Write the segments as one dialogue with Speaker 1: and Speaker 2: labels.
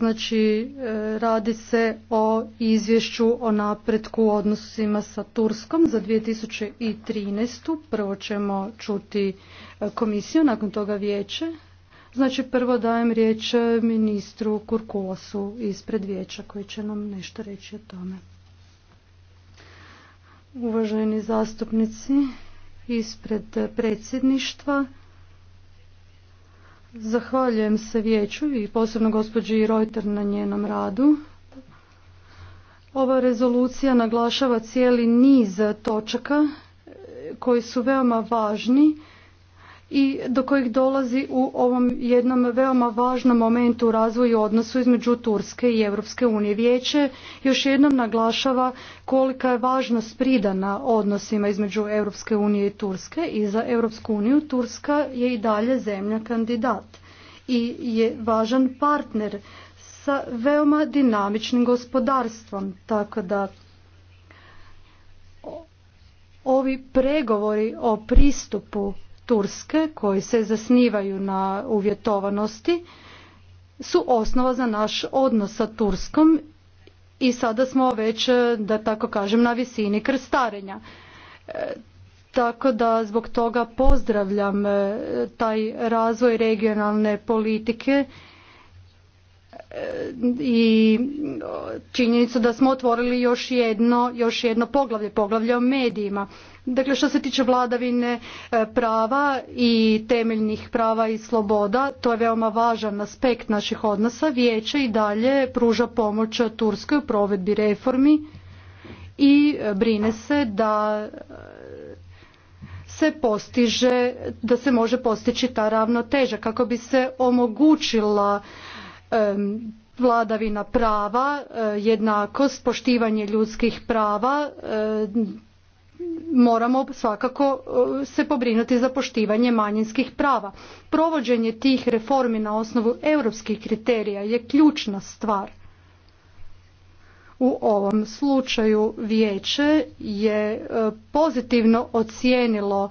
Speaker 1: Znači, e, radi se o izvješću o napretku u odnosima sa Turskom za 2013. Prvo ćemo čuti e, komisiju, nakon toga vijeće. Znači, prvo dajem riječ ministru Kurkulosu ispred vijeća koji će nam nešto reći o tome. Uvaženi zastupnici, ispred predsjedništva Zahvaljujem se vijeću i posebno gospođi Reuter na njenom radu. Ova rezolucija naglašava cijeli niz točaka koji su veoma važni i do kojih dolazi u ovom jednom veoma važnom momentu u razvoju odnosu između Turske i Europske unije. Vijeće još jednom naglašava kolika je važnost pridana odnosima između Europske unije i Turske i za Europsku uniju Turska je i dalje zemlja kandidat i je važan partner sa veoma dinamičnim gospodarstvom, tako da ovi pregovori o pristupu Turske koji se zasnivaju na uvjetovanosti su osnova za naš odnos sa Turskom i sada smo već, da tako kažem, na visini krstarenja. E, tako da zbog toga pozdravljam e, taj razvoj regionalne politike i činjenicu da smo otvorili još jedno, još jedno poglavlje, poglavlje o medijima. Dakle, što se tiče vladavine e, prava i temeljnih prava i sloboda, to je veoma važan aspekt naših odnosa. Vijeće i dalje pruža pomoć Turskoj u provedbi reformi i brine se da e, se postiže, da se može postići ta ravnoteža kako bi se omogućila vladavina prava, e, jednakost, poštivanje ljudskih prava, e, moramo svakako e, se pobrinuti za poštivanje manjinskih prava. Provođenje tih reformi na osnovu europskih kriterija je ključna stvar. U ovom slučaju vijeće je pozitivno ocijenilo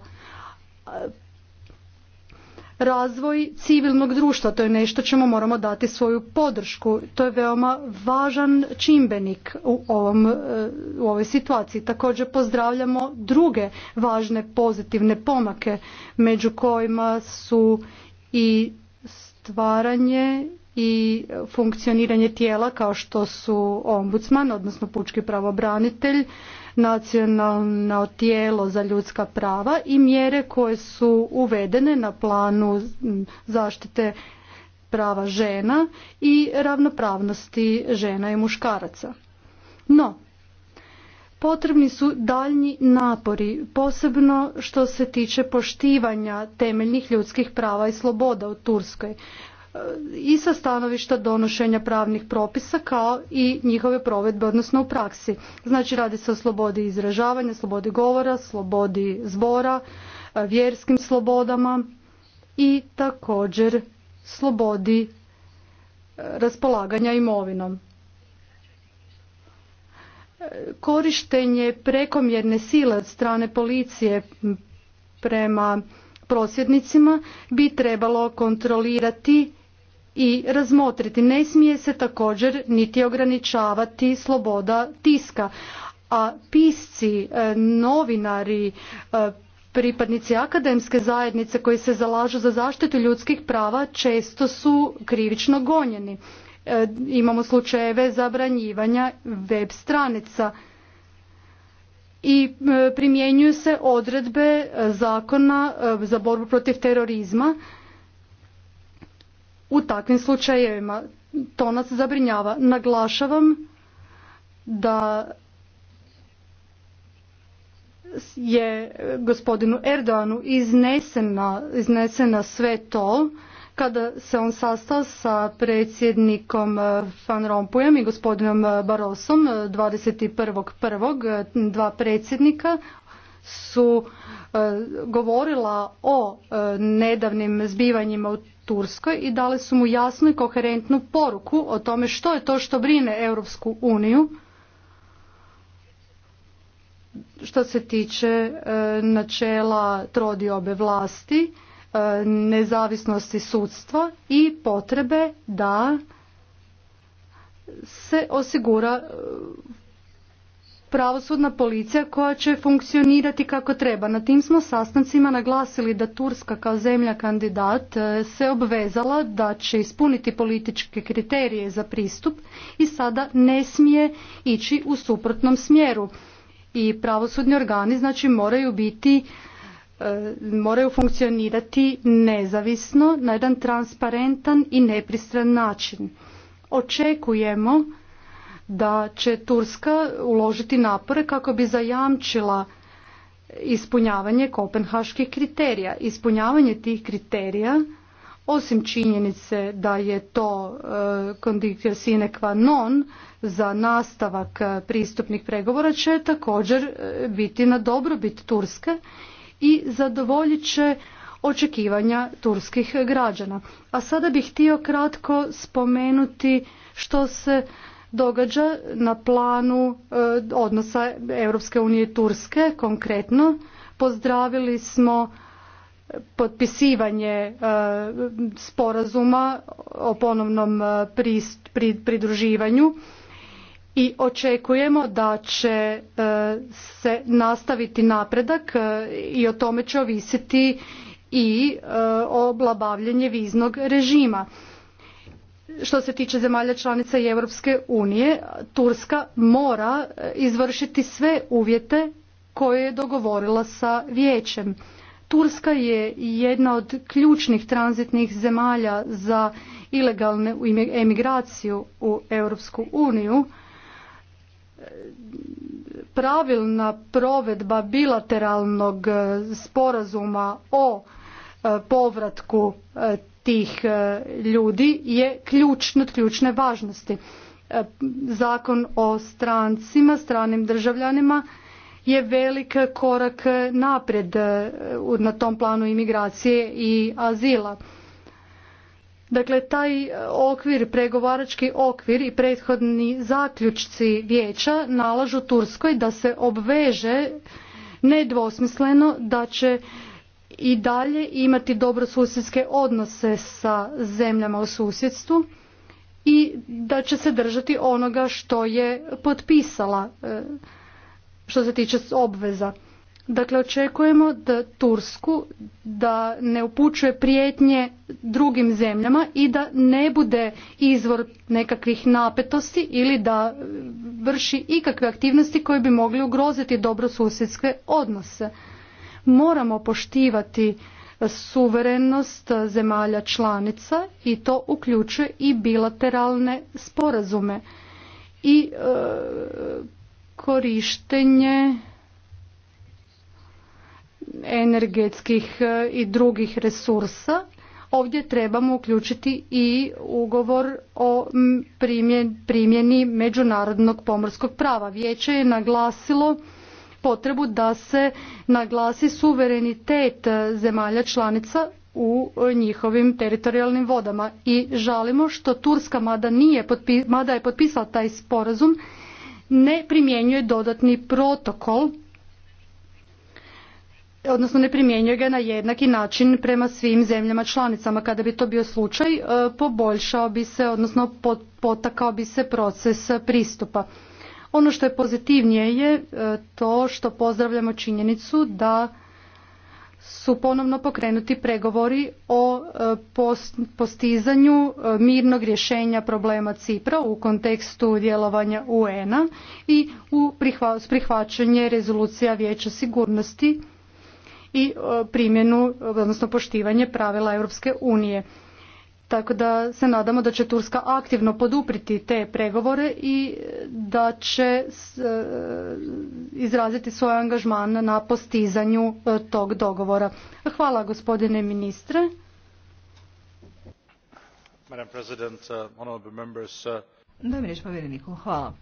Speaker 1: razvoj civilnog društva. To je nešto čemu moramo dati svoju podršku. To je veoma važan čimbenik u, ovom, e, u ovoj situaciji. Također pozdravljamo druge važne pozitivne pomake među kojima su i stvaranje i funkcioniranje tijela kao što su ombudsman, odnosno pučki pravobranitelj, nacionalno tijelo za ljudska prava i mjere koje su uvedene na planu zaštite prava žena i ravnopravnosti žena i muškaraca. No, potrebni su daljnji napori, posebno što se tiče poštivanja temeljnih ljudskih prava i sloboda u Turskoj i sa stanovišta donošenja pravnih propisa kao i njihove provedbe odnosno u praksi. Znači radi se o slobodi izražavanja, slobodi govora, slobodi zbora, vjerskim slobodama i također slobodi e, raspolaganja imovinom. E, korištenje prekomjerne sile od strane policije prema prosvjednicima bi trebalo kontrolirati i razmotriti. Ne smije se također niti ograničavati sloboda tiska, a pisci, e, novinari, e, pripadnici akademske zajednice koji se zalažu za zaštitu ljudskih prava često su krivično gonjeni. E, imamo slučajeve zabranjivanja web stranica i primjenjuju se odredbe zakona za borbu protiv terorizma u takvim slučajevima. To nas zabrinjava. Naglašavam da je gospodinu Erdoganu iznesena, iznesena sve to kada se on sastao sa predsjednikom Van Rompujem i gospodinom Barosom 21.1. dva predsjednika su eh, govorila o eh, nedavnim zbivanjima u Turskoj i dali su mu jasnu i koherentnu poruku o tome što je to što brine Europsku uniju što se tiče e, načela trodiobe vlasti, e, nezavisnosti sudstva i potrebe da se osigura pravosudna policija koja će funkcionirati kako treba. Na tim smo sastancima naglasili da Turska kao zemlja kandidat e, se obvezala da će ispuniti političke kriterije za pristup i sada ne smije ići u suprotnom smjeru. I pravosudni organi znači moraju biti e, moraju funkcionirati nezavisno na jedan transparentan i nepristran način. Očekujemo da će Turska uložiti napore kako bi zajamčila ispunjavanje kopenhaških kriterija. Ispunjavanje tih kriterija, osim činjenice da je to kondicija e, sine qua non za nastavak e, pristupnih pregovora, će također e, biti na dobrobit Turske i zadovoljit će očekivanja turskih građana. A sada bih htio kratko spomenuti što se događa na planu eh, odnosa Europske unije i Turske konkretno. Pozdravili smo potpisivanje eh, sporazuma o ponovnom eh, pridruživanju i očekujemo da će se nastaviti napredak i o tome će ovisiti i oblabavljanje viznog režima što se tiče zemalja članica i Europske unije, Turska mora eh, izvršiti sve uvjete koje je dogovorila sa vijećem. Turska je jedna od ključnih tranzitnih zemalja za ilegalnu emigraciju u Europsku uniju. Eh, pravilna provedba bilateralnog eh, sporazuma o povratku tih e, ljudi je ključno, ključne važnosti. E, zakon o strancima, stranim državljanima je velik korak naprijed e, na tom planu imigracije i azila. Dakle, taj okvir, pregovarački okvir i prethodni zaključci vijeća nalažu Turskoj da se obveže nedvosmisleno da će i dalje imati dobrosusjedske odnose sa zemljama u susjedstvu i da će se držati onoga što je potpisala e, što se tiče obveza. Dakle, očekujemo da Tursku da ne upućuje prijetnje drugim zemljama i da ne bude izvor nekakvih napetosti ili da vrši ikakve aktivnosti koje bi mogli ugroziti dobrosusjedske odnose moramo poštivati suverenost zemalja članica i to uključuje i bilateralne sporazume i e, korištenje energetskih e, i drugih resursa ovdje trebamo uključiti i ugovor o primjeni međunarodnog pomorskog prava vijeće je naglasilo potrebu da se naglasi suverenitet e, zemalja članica u e, njihovim teritorijalnim vodama i žalimo što Turska mada, nije, mada je potpisala taj sporazum ne primjenjuje dodatni protokol odnosno ne primjenjuje ga na jednaki način prema svim zemljama članicama. Kada bi to bio slučaj, e, poboljšao bi se, odnosno potakao bi se proces pristupa. Ono što je pozitivnije je e, to što pozdravljamo činjenicu da su ponovno pokrenuti pregovori o e, postizanju e, mirnog rješenja problema Cipra u kontekstu djelovanja UN-a i u prihvaćanje rezolucija Vijeća sigurnosti i primjenu, odnosno poštivanje pravila Europske unije. Tako da se nadamo da će Turska aktivno podupriti te pregovore i da će e, izraziti svoj angažman na postizanju e, tog dogovora. Hvala gospodine ministre.
Speaker 2: Uh, uh,
Speaker 3: Dobro mi povjereniku, hvala.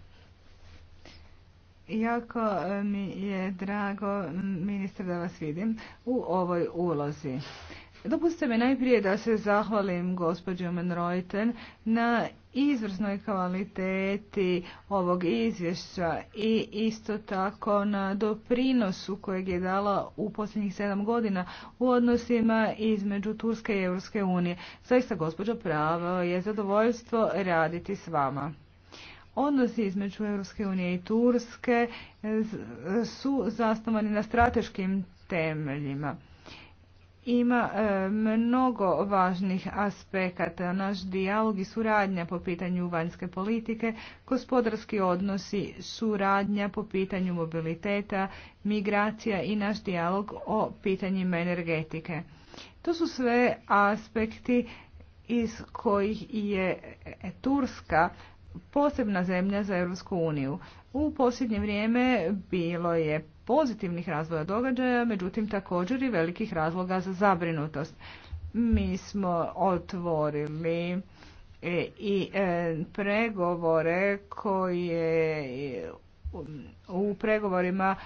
Speaker 3: Jako e, mi je drago, ministar, da vas vidim u ovoj ulozi. Dopustite mi najprije da se zahvalim gospođu Menrojten na izvrsnoj kvaliteti ovog izvješća i isto tako na doprinosu kojeg je dala u posljednjih sedam godina u odnosima između Turske i Europske unije. Zaista, gospođo Pravo, je zadovoljstvo raditi s vama. Odnosi između Europske unije i Turske su zasnovani na strateškim temeljima ima e, mnogo važnih aspekata. Naš dijalog i suradnja po pitanju vanjske politike, gospodarski odnosi, suradnja po pitanju mobiliteta, migracija i naš dijalog o pitanjima energetike. To su sve aspekti iz kojih je Turska posebna zemlja za Europsku uniju. U posljednje vrijeme bilo je pozitivnih razvoja događaja, međutim također i velikih razloga za zabrinutost. Mi smo otvorili e, i e, pregovore koje u pregovorima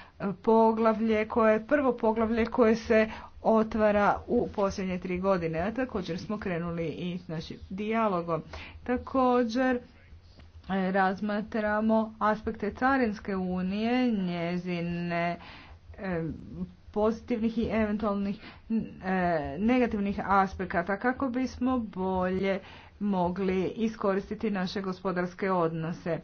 Speaker 3: poglavlje koje je prvo poglavlje koje se otvara u posljednje tri godine. A također smo krenuli i s dijalogom. Također E, razmatramo aspekte Carinske unije, njezine e, pozitivnih i eventualnih e, negativnih aspekata kako bismo bolje mogli iskoristiti naše gospodarske odnose.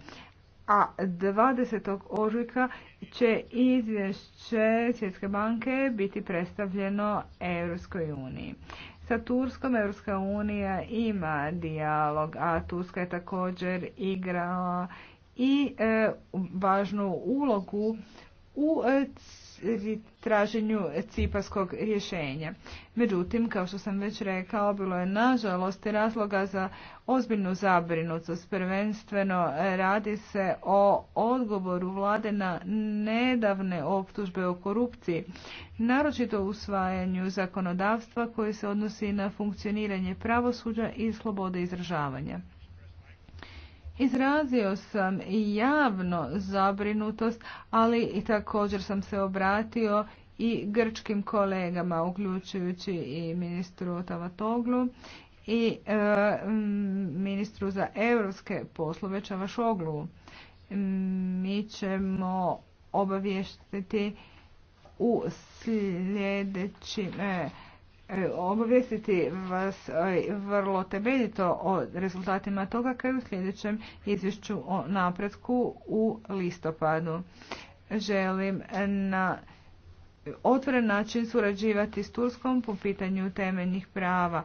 Speaker 3: A 20. ožujka će izvješće Svjetske banke biti predstavljeno Europskoj uniji. Sa Turskom Europska unija ima dijalog, a Turska je također igrala i e, važnu ulogu u e, traženju ciparskog rješenja. Međutim, kao što sam već rekao, bilo je nažalost razloga za ozbiljnu zabrinutost. Prvenstveno e, radi se o odgovoru vlade na nedavne optužbe o korupciji, naročito usvajanju zakonodavstva koje se odnosi na funkcioniranje pravosuđa i slobode izražavanja. Izrazio sam i javno zabrinutost, ali i također sam se obratio i grčkim kolegama, uključujući i ministru Tavatoglu i e, ministru za europske poslove Čavašoglu. Mi ćemo obavještiti u sljedećim e, E, obavijestiti vas e, vrlo temeljito o rezultatima toga kao i u sljedećem izvješću o napretku u listopadu. Želim na otvoren način surađivati s Turskom po pitanju temeljnih prava.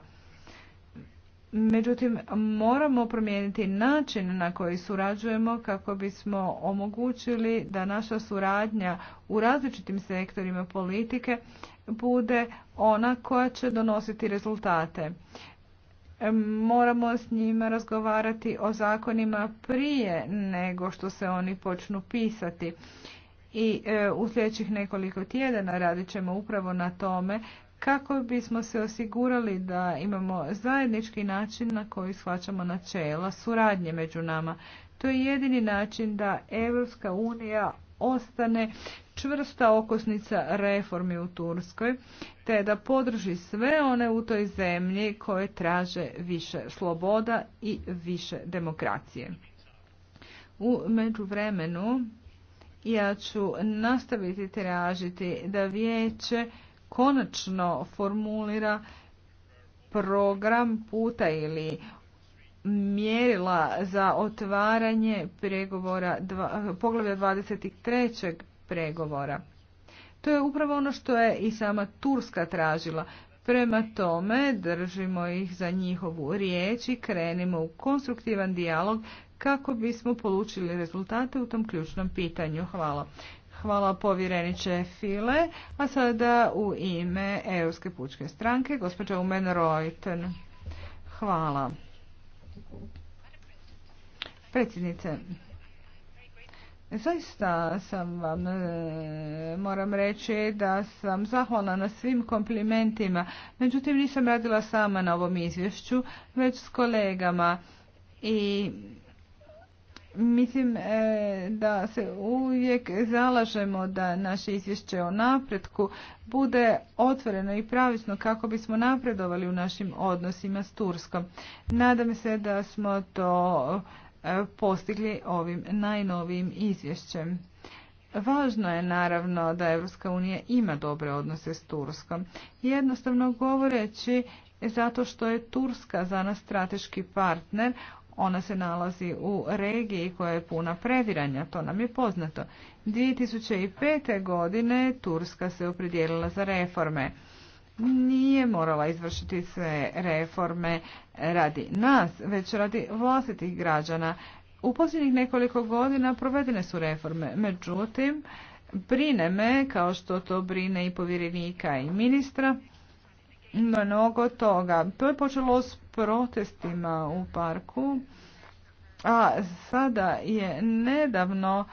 Speaker 3: Međutim, moramo promijeniti način na koji surađujemo kako bismo omogućili da naša suradnja u različitim sektorima politike bude ona koja će donositi rezultate. Moramo s njima razgovarati o zakonima prije nego što se oni počnu pisati. I e, u sljedećih nekoliko tjedana radit ćemo upravo na tome kako bismo se osigurali da imamo zajednički način na koji shvaćamo načela suradnje među nama. To je jedini način da Europska unija ostane čvrsta okosnica reformi u Turskoj, te da podrži sve one u toj zemlji koje traže više sloboda i više demokracije. U međuvremenu ja ću nastaviti tražiti da vijeće konačno formulira program puta ili mjerila za otvaranje pregovora poglavlja 23. pregovora. To je upravo ono što je i sama Turska tražila. Prema tome držimo ih za njihovu riječ i krenimo u konstruktivan dijalog kako bismo polučili rezultate u tom ključnom pitanju. Hvala. Hvala povjereniče File, a sada u ime Europske pučke stranke, gospođa Umen Reuten. Hvala. Predsjednice, zaista sam vam, e, moram reći da sam zahvalna na svim komplimentima. Međutim, nisam radila sama na ovom izvješću, već s kolegama. I Mislim e, da se uvijek zalažemo da naše izvješće o napretku bude otvoreno i pravično kako bismo napredovali u našim odnosima s Turskom. Nadam se da smo to postigli ovim najnovijim izvješćem. Važno je naravno da Europska unija ima dobre odnose s Turskom. Jednostavno govoreći zato što je Turska za nas strateški partner, ona se nalazi u regiji koja je puna previranja, to nam je poznato. 2005. godine Turska se opredijelila za reforme nije morala izvršiti sve reforme radi nas, već radi vlastitih građana. U posljednjih nekoliko godina provedene su reforme, međutim, brine me, kao što to brine i povjerenika i ministra, mnogo toga. To je počelo s protestima u parku, a sada je nedavno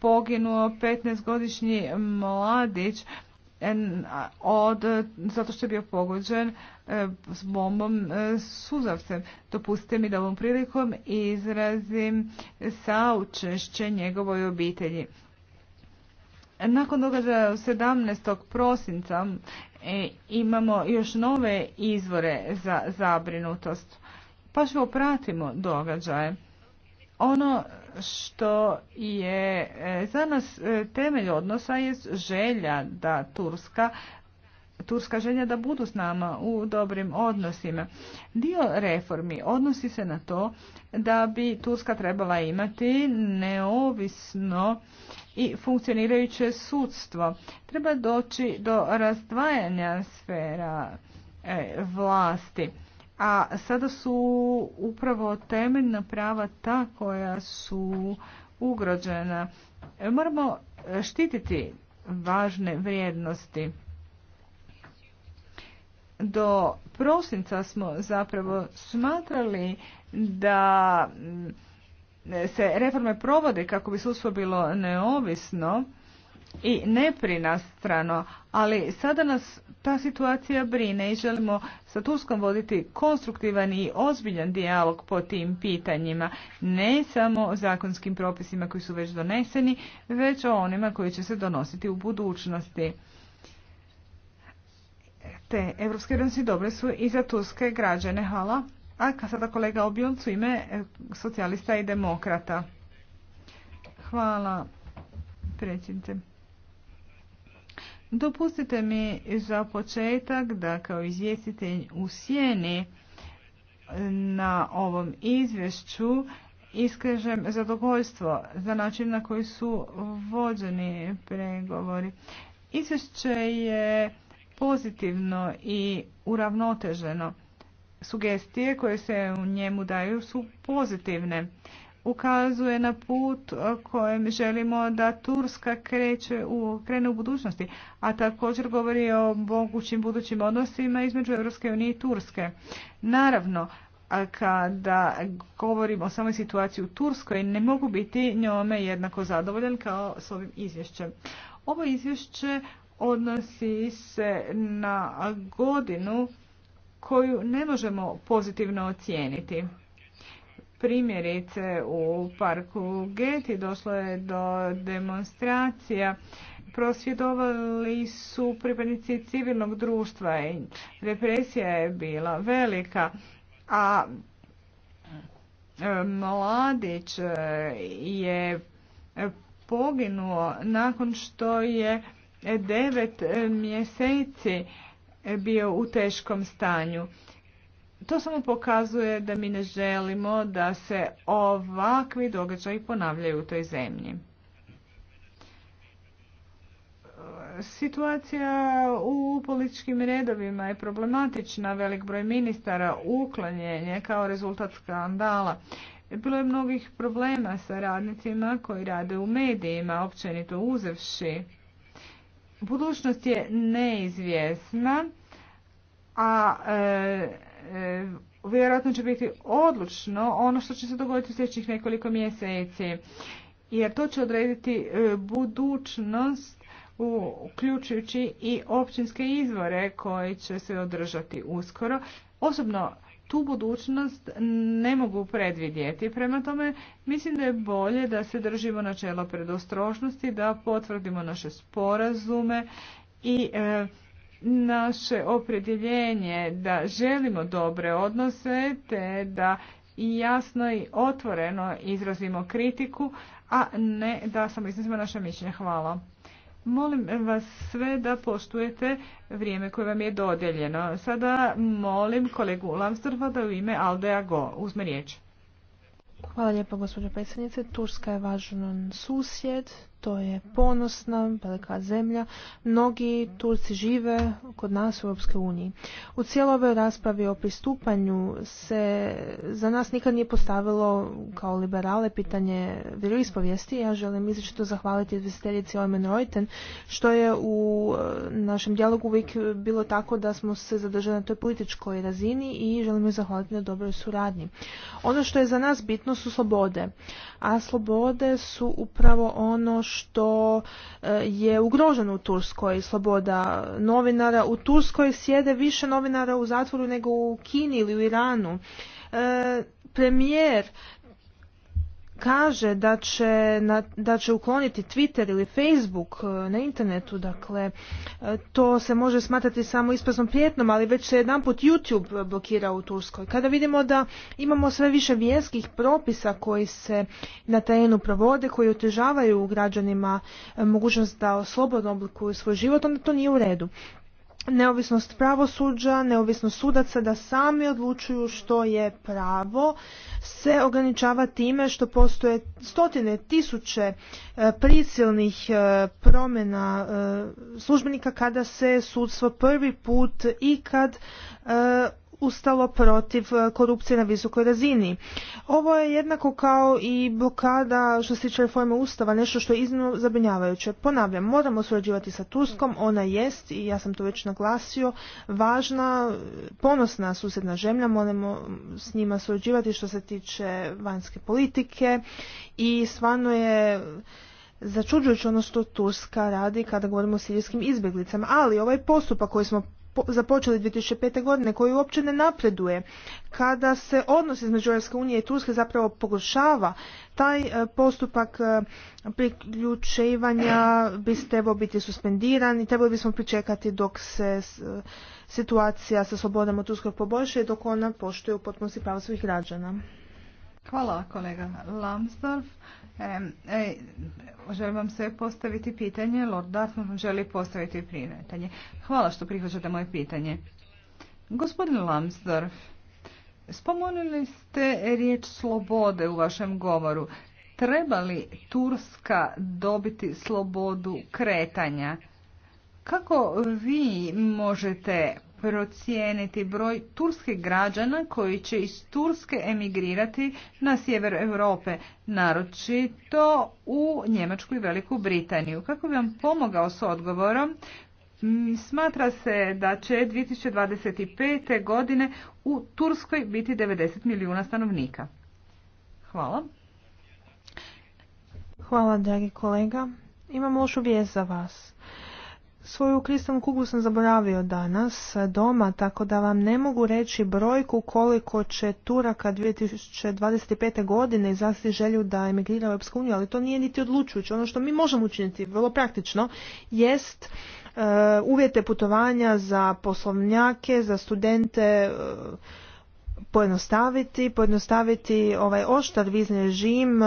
Speaker 3: poginuo 15-godišnji mladić od, zato što je bio pogođen e, s bombom e, suzavcem. Dopustite mi da ovom prilikom izrazim saučešće njegovoj obitelji. Nakon događaja 17. prosinca e, imamo još nove izvore za zabrinutost. Pa što pratimo događaje. Ono što je e, za nas e, temelj odnosa je želja da Turska Turska želja da budu s nama u dobrim odnosima. Dio reformi odnosi se na to da bi Turska trebala imati neovisno i funkcionirajuće sudstvo. Treba doći do razdvajanja sfera e, vlasti a sada su upravo temeljna prava ta koja su ugrođena. E, moramo e, štititi važne vrijednosti. Do prosinca smo zapravo smatrali da mm, e, se reforme provode kako bi sudstvo bilo neovisno, i neprinastrano, ali sada nas ta situacija brine i želimo sa Turskom voditi konstruktivan i ozbiljan dijalog po tim pitanjima, ne samo o zakonskim propisima koji su već doneseni, već o onima koji će se donositi u budućnosti. Te evropske vrijednosti dobre su i za turske građane. Hvala. A sada kolega u ime e, socijalista i demokrata. Hvala predsjednice. Dopustite mi za početak da kao izvjestitelj u sjeni eh, na ovom izvješću iskažem zadovoljstvo za način na koji su vođeni pregovori. Izvješće je pozitivno i uravnoteženo. Sugestije koje se u njemu daju su pozitivne ukazuje na put e, kojem želimo da Turska kreće u, krene u budućnosti, a također govori o mogućim budućim odnosima između Europske unije i Turske. Naravno, kada govorimo o samoj situaciji u Turskoj, ne mogu biti njome jednako zadovoljan kao s ovim izvješćem. Ovo izvješće odnosi se na godinu koju ne možemo pozitivno ocijeniti. Primjerice u parku Geti došlo je do demonstracija. Prosvjedovali su pripadnici civilnog društva i represija je bila velika, a e, mladić e, je poginuo nakon što je devet mjeseci bio u teškom stanju. To samo pokazuje da mi ne želimo da se ovakvi događaji ponavljaju u toj zemlji. Situacija u političkim redovima je problematična, velik broj ministara uklanjen je kao rezultat skandala. Bilo je mnogih problema sa radnicima koji rade u medijima, općenito uzevši. Budućnost je neizvjesna, a e, E, vjerojatno će biti odlučno ono što će se dogoditi u sljedećih nekoliko mjeseci. Jer to će odrediti e, budućnost uključujući i općinske izvore koji će se održati uskoro. Osobno tu budućnost ne mogu predvidjeti. Prema tome, mislim da je bolje da se držimo načela predostrošnosti, da potvrdimo naše sporazume i e, naše opredjeljenje da želimo dobre odnose te da i jasno i otvoreno izrazimo kritiku, a ne da samo iznosimo naše mišljenje. Hvala. Molim vas sve da poštujete vrijeme koje vam je dodeljeno. Sada molim kolegu Lamstrva da u ime Aldea Go uzme riječ.
Speaker 4: Hvala lijepo gospođo predsjednice. Turska je važan susjed to je ponosna, velika zemlja. Mnogi Turci žive kod nas u Europskoj uniji. U cijeloj ovoj raspravi o pristupanju se za nas nikad nije postavilo kao liberale pitanje vjeroispovijesti. Ja želim izrečito zahvaliti izvjestiteljici Omen Reuten, što je u e, našem dijalogu uvijek bilo tako da smo se zadržali na toj političkoj razini i želim joj zahvaliti na dobroj suradnji. Ono što je za nas bitno su slobode, a slobode su upravo ono što e, je ugroženo u Turskoj, sloboda novinara. U Turskoj sjede više novinara u zatvoru nego u Kini ili u Iranu. E, premijer kaže da će, da će ukloniti Twitter ili Facebook e, na internetu, dakle e, to se može smatrati samo ispaznom prijetnom, ali već se jedan YouTube blokira u Turskoj. Kada vidimo da imamo sve više vjerskih propisa koji se na terenu provode, koji otežavaju građanima e, mogućnost da slobodno oblikuju svoj život, onda to nije u redu neovisnost pravosuđa, neovisnost sudaca da sami odlučuju što je pravo se ograničava time što postoje stotine tisuće e, prisilnih e, promjena e, službenika kada se sudstvo prvi put i kad ustalo protiv e, korupcije na visokoj razini. Ovo je jednako kao i blokada što se tiče reforme Ustava, nešto što je iznimno zabrinjavajuće. Ponavljam, moramo surađivati sa Turskom, ona jest, i ja sam to već naglasio, važna, ponosna susjedna žemlja, moramo s njima surađivati što se tiče vanjske politike i stvarno je začuđujući ono što Turska radi kada govorimo o sirijskim izbjeglicama, ali ovaj postupak koji smo započeli 2005. godine koji uopće ne napreduje. Kada se odnos između EU unije i Turske zapravo pogoršava, taj e, postupak e, priključivanja bi trebao biti suspendiran i trebali bismo pričekati dok se e, situacija sa slobodama Turskog poboljša i dok
Speaker 3: ona poštuje u potpunosti prava svih građana. Hvala kolega Lamsdorf želim vam sve postaviti pitanje. Lord Dartmouth želi postaviti pitanje. Hvala što prihvaćate moje pitanje. Gospodin Lambsdorff, spomenuli ste riječ slobode u vašem govoru. Treba li Turska dobiti slobodu kretanja? Kako vi možete procijeniti broj turskih građana koji će iz Turske emigrirati na sjever Europe, naročito u Njemačku i Veliku Britaniju. Kako bi vam pomogao s odgovorom, smatra se da će 2025. godine u Turskoj biti 90 milijuna stanovnika. Hvala.
Speaker 4: Hvala, dragi kolega. Imam lošu vijest za vas. Svoju kristalnu kuglu sam zaboravio danas doma, tako da vam ne mogu reći brojku koliko će Turaka 2025. godine izrasti želju da emigrira u Europsku ali to nije niti odlučujuće. Ono što mi možemo učiniti, vrlo praktično, jest e, uvjete putovanja za poslovnjake, za studente, e, pojednostaviti, pojednostaviti ovaj oštar vizni režim,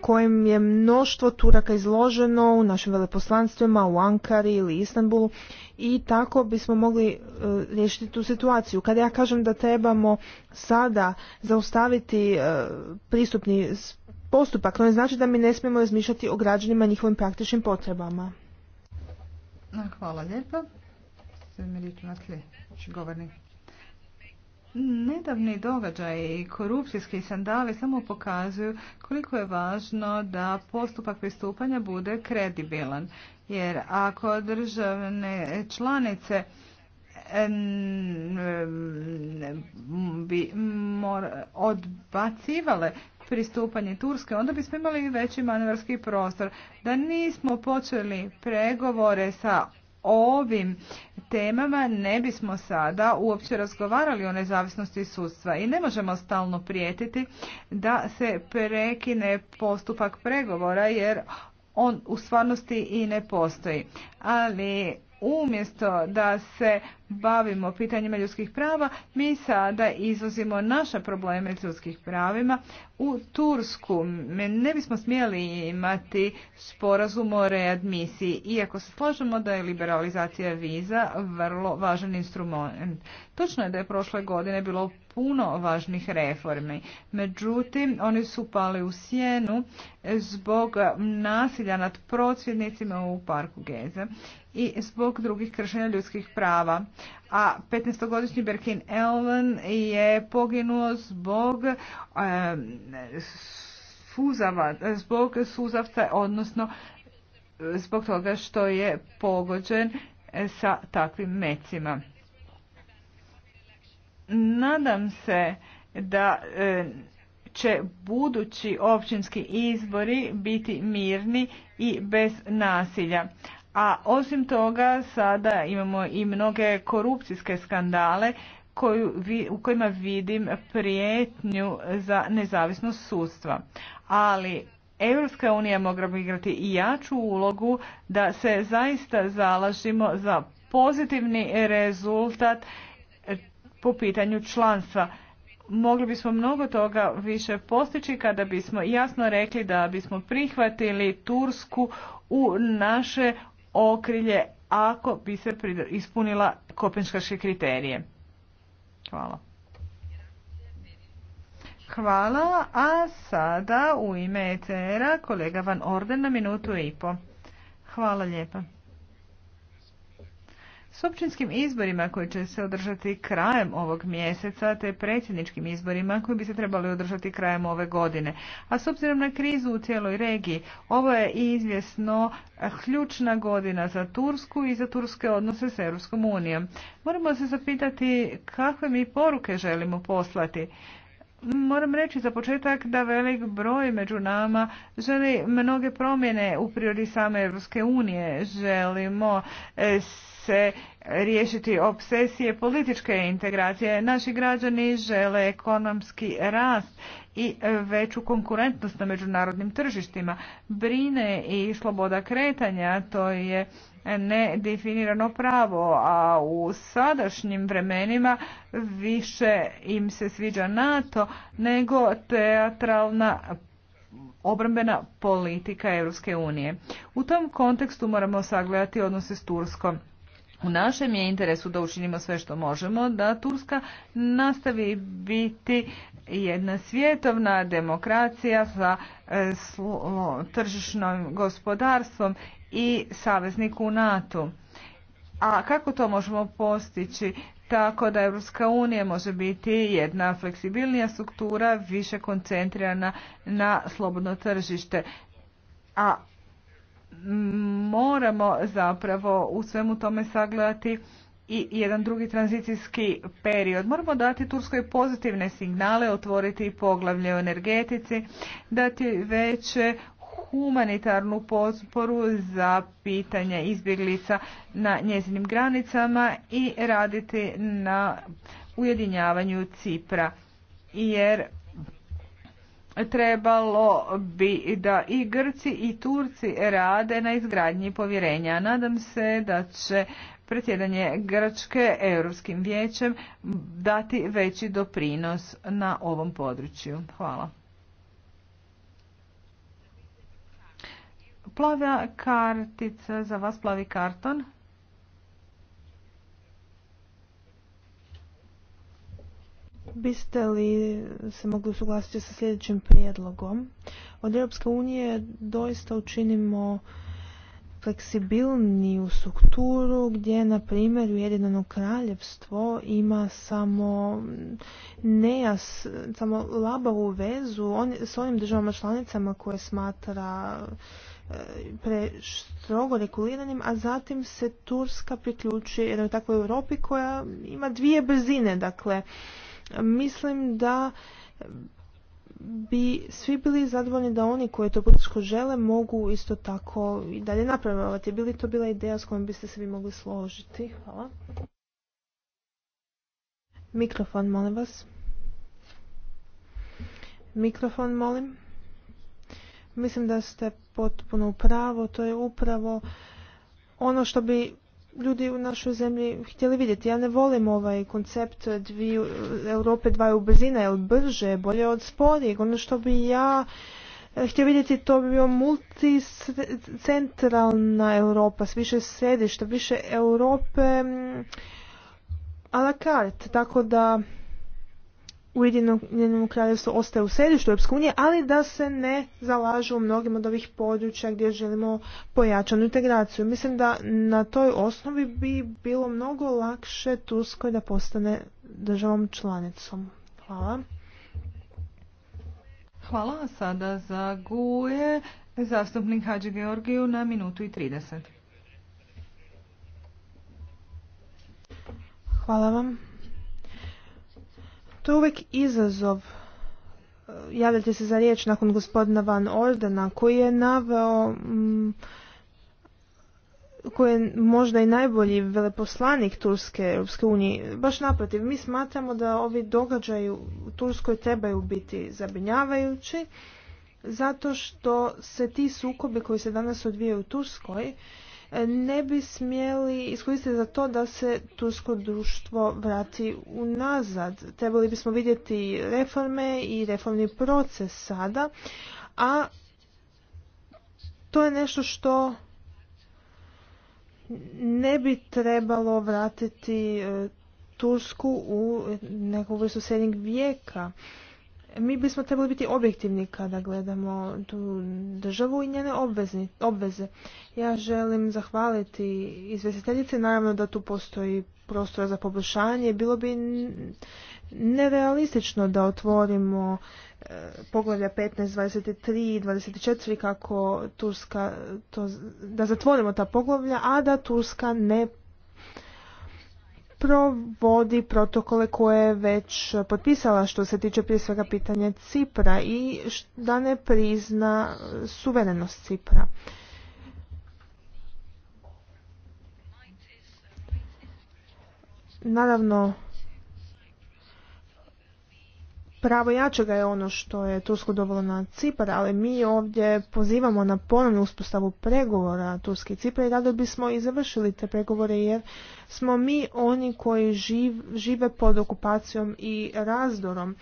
Speaker 4: kojem je mnoštvo Turaka izloženo u našim veleposlanstvima u Ankari ili Istanbulu i tako bismo mogli e, riješiti tu situaciju. Kada ja kažem da trebamo sada zaustaviti e, pristupni postupak, to ne znači da mi ne smijemo razmišljati o građanima i njihovim praktičnim potrebama.
Speaker 3: Hvala lijepa. Govornik. Nedavni događaj i korupcijski sandali samo pokazuju koliko je važno da postupak pristupanja bude kredibilan. Jer ako državne članice bi odbacivale pristupanje Turske, onda bismo imali veći manevarski prostor. Da nismo počeli pregovore sa ovim temama ne bismo sada uopće razgovarali o nezavisnosti sudstva i ne možemo stalno prijetiti da se prekine postupak pregovora jer on u stvarnosti i ne postoji. Ali umjesto da se bavimo pitanjima ljudskih prava, mi sada izvozimo naše probleme s ljudskih pravima u Tursku. Ne bismo smjeli imati sporazum o readmisiji, iako se slažemo da je liberalizacija viza vrlo važan instrument. Točno je da je prošle godine bilo puno važnih reformi. Međutim, oni su pali u sjenu zbog nasilja nad procvjednicima u parku Geze i zbog drugih kršenja ljudskih prava. A 15-godišnji Berkin Elven je poginuo zbog zbog suzavca, odnosno zbog toga što je pogođen sa takvim mecima. Nadam se da će budući općinski izbori biti mirni i bez nasilja. A osim toga sada imamo i mnoge korupcijske skandale u kojima vidim prijetnju za nezavisnost sudstva. Ali Europska unija mogla bi igrati i jaču ulogu da se zaista zalažimo za pozitivni rezultat po pitanju članstva. Mogli bismo mnogo toga više postići kada bismo jasno rekli da bismo prihvatili Tursku u naše okrilje ako bi se ispunila kopenškaške kriterije. Hvala. Hvala, a sada u ime ECR-a kolega Van Orden na minutu i po. Hvala lijepa. S općinskim izborima koji će se održati krajem ovog mjeseca te predsjedničkim izborima koji bi se trebali održati krajem ove godine. A s obzirom na krizu u cijeloj regiji, ovo je izvjesno ključna godina za Tursku i za turske odnose s Europskom unijom. Moramo se zapitati kakve mi poruke želimo poslati. Moram reći za početak da velik broj među nama želi mnoge promjene u prirodi same Europske unije. Želimo eh, se riješiti obsesije političke integracije. Naši građani žele ekonomski rast i veću konkurentnost na međunarodnim tržištima. Brine i sloboda kretanja, to je nedefinirano pravo, a u sadašnjim vremenima više im se sviđa NATO nego teatralna obrambena politika Europske unije. U tom kontekstu moramo sagledati odnose s Turskom. U našem je interesu da učinimo sve što možemo da Turska nastavi biti jedna svjetovna demokracija sa e, tržišnom gospodarstvom i saveznik u NATO. A kako to možemo postići? Tako da Europska unija može biti jedna fleksibilnija struktura, više koncentrirana na slobodno tržište. A moramo zapravo u svemu tome sagledati i jedan drugi tranzicijski period. Moramo dati Turskoj pozitivne signale, otvoriti poglavlje o energetici, dati veće humanitarnu potporu za pitanja izbjeglica na njezinim granicama i raditi na ujedinjavanju Cipra. Jer trebalo bi da i Grci i Turci rade na izgradnji povjerenja. Nadam se da će predsjedanje Grčke Europskim vijećem dati veći doprinos na ovom području. Hvala. Plava kartica za vas, plavi karton.
Speaker 4: Biste li se mogli usuglasiti sa sljedećim prijedlogom? Od Europske unije doista učinimo fleksibilniju strukturu gdje, na primjer, Ujedinjeno kraljevstvo ima samo nejas, samo labavu vezu on, s onim državama članicama koje smatra e, pre strogo reguliranim, a zatim se Turska priključi jednoj takvoj Europi koja ima dvije brzine, dakle mislim da bi svi bili zadovoljni da oni koji to političko žele mogu isto tako i dalje napravljavati. Bili to bila ideja s kojom biste se vi mogli složiti? Hvala. Mikrofon, molim vas. Mikrofon, molim. Mislim da ste potpuno u To je upravo ono što bi ljudi u našoj zemlji htjeli vidjeti. Ja ne volim ovaj koncept dviju, Europe dvaju brzina, jer brže, bolje od sporijeg. Ono što bi ja eh, htio vidjeti to bi bio multicentralna Europa s više središta, više Europe mm, a la carte, tako da Ujedinjenom kraljevstvu ostaje u središtu Europske unije, ali da se ne zalažu u mnogim od ovih područja gdje želimo pojačanu integraciju. Mislim da na toj osnovi bi bilo mnogo lakše Turskoj da postane državom
Speaker 3: članicom. Hvala. Hvala sada za Guje, zastupnik Hadži Georgiju na minutu i 30. Hvala vam.
Speaker 4: To je uvijek izazov javljate se za riječ nakon gospodina Van Ordena koji je naveo mm, koji je možda i najbolji veleposlanik Turske Europske unije. Baš naprotiv, mi smatramo da ovi događaji u Turskoj trebaju biti zabrinjavajući zato što se ti sukobi koji se danas odvijaju u Turskoj ne bi smjeli iskoristiti za to da se tursko društvo vrati unazad. Trebali bismo vidjeti reforme i reformni proces sada, a to je nešto što ne bi trebalo vratiti e, Tursku u neku vrstu srednjeg vijeka mi bismo trebali biti objektivni kada gledamo tu državu i njene obvezni, obveze. Ja želim zahvaliti izvjestiteljice, naravno da tu postoji prostora za poboljšanje. Bilo bi nerealistično da otvorimo e, poglavlja 15, 23 i 24 kako Turska, to, da zatvorimo ta poglavlja, a da Turska ne provodi protokole koje je već potpisala što se tiče prije svega pitanja Cipra i da ne prizna suverenost Cipra. Naravno, Pravo jačega je ono što je Tursko dobilo na Cipar, ali mi ovdje pozivamo na ponovnu uspostavu pregovora Turske i Cipra i rado bismo i završili te pregovore jer smo mi oni koji žive pod okupacijom i razdorom.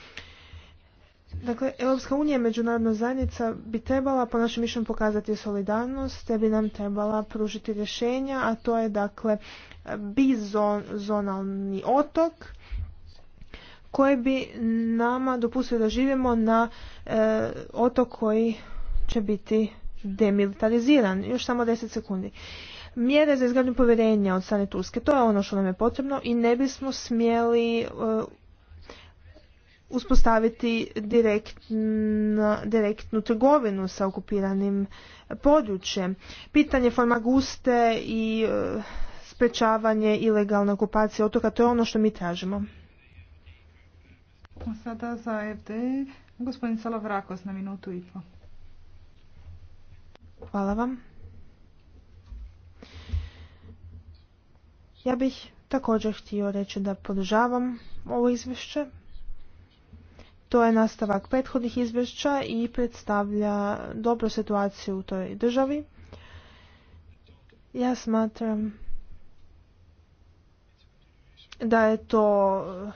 Speaker 4: Dakle, Europska unija i međunarodna zajednica bi trebala po našem mišljenju pokazati solidarnost, te bi nam trebala pružiti rješenja, a to je dakle bizonalni otok koje bi nama dopustili da živimo na e, otok koji će biti demilitariziran. Još samo 10 sekundi. Mjere za izgradnju povjerenja od strane Turske, to je ono što nam je potrebno i ne bismo smjeli e, uspostaviti direktnu trgovinu sa okupiranim područjem. Pitanje formaguste i e, sprečavanje ilegalne okupacije otoka, to je ono što mi tražimo.
Speaker 3: Sada za FD, gospodin Salavrakos na minutu i po. Hvala vam.
Speaker 4: Ja bih također htio reći da podržavam ovo izvješće. To je nastavak prethodnih izvješća i predstavlja dobru situaciju u toj državi. Ja smatram da je to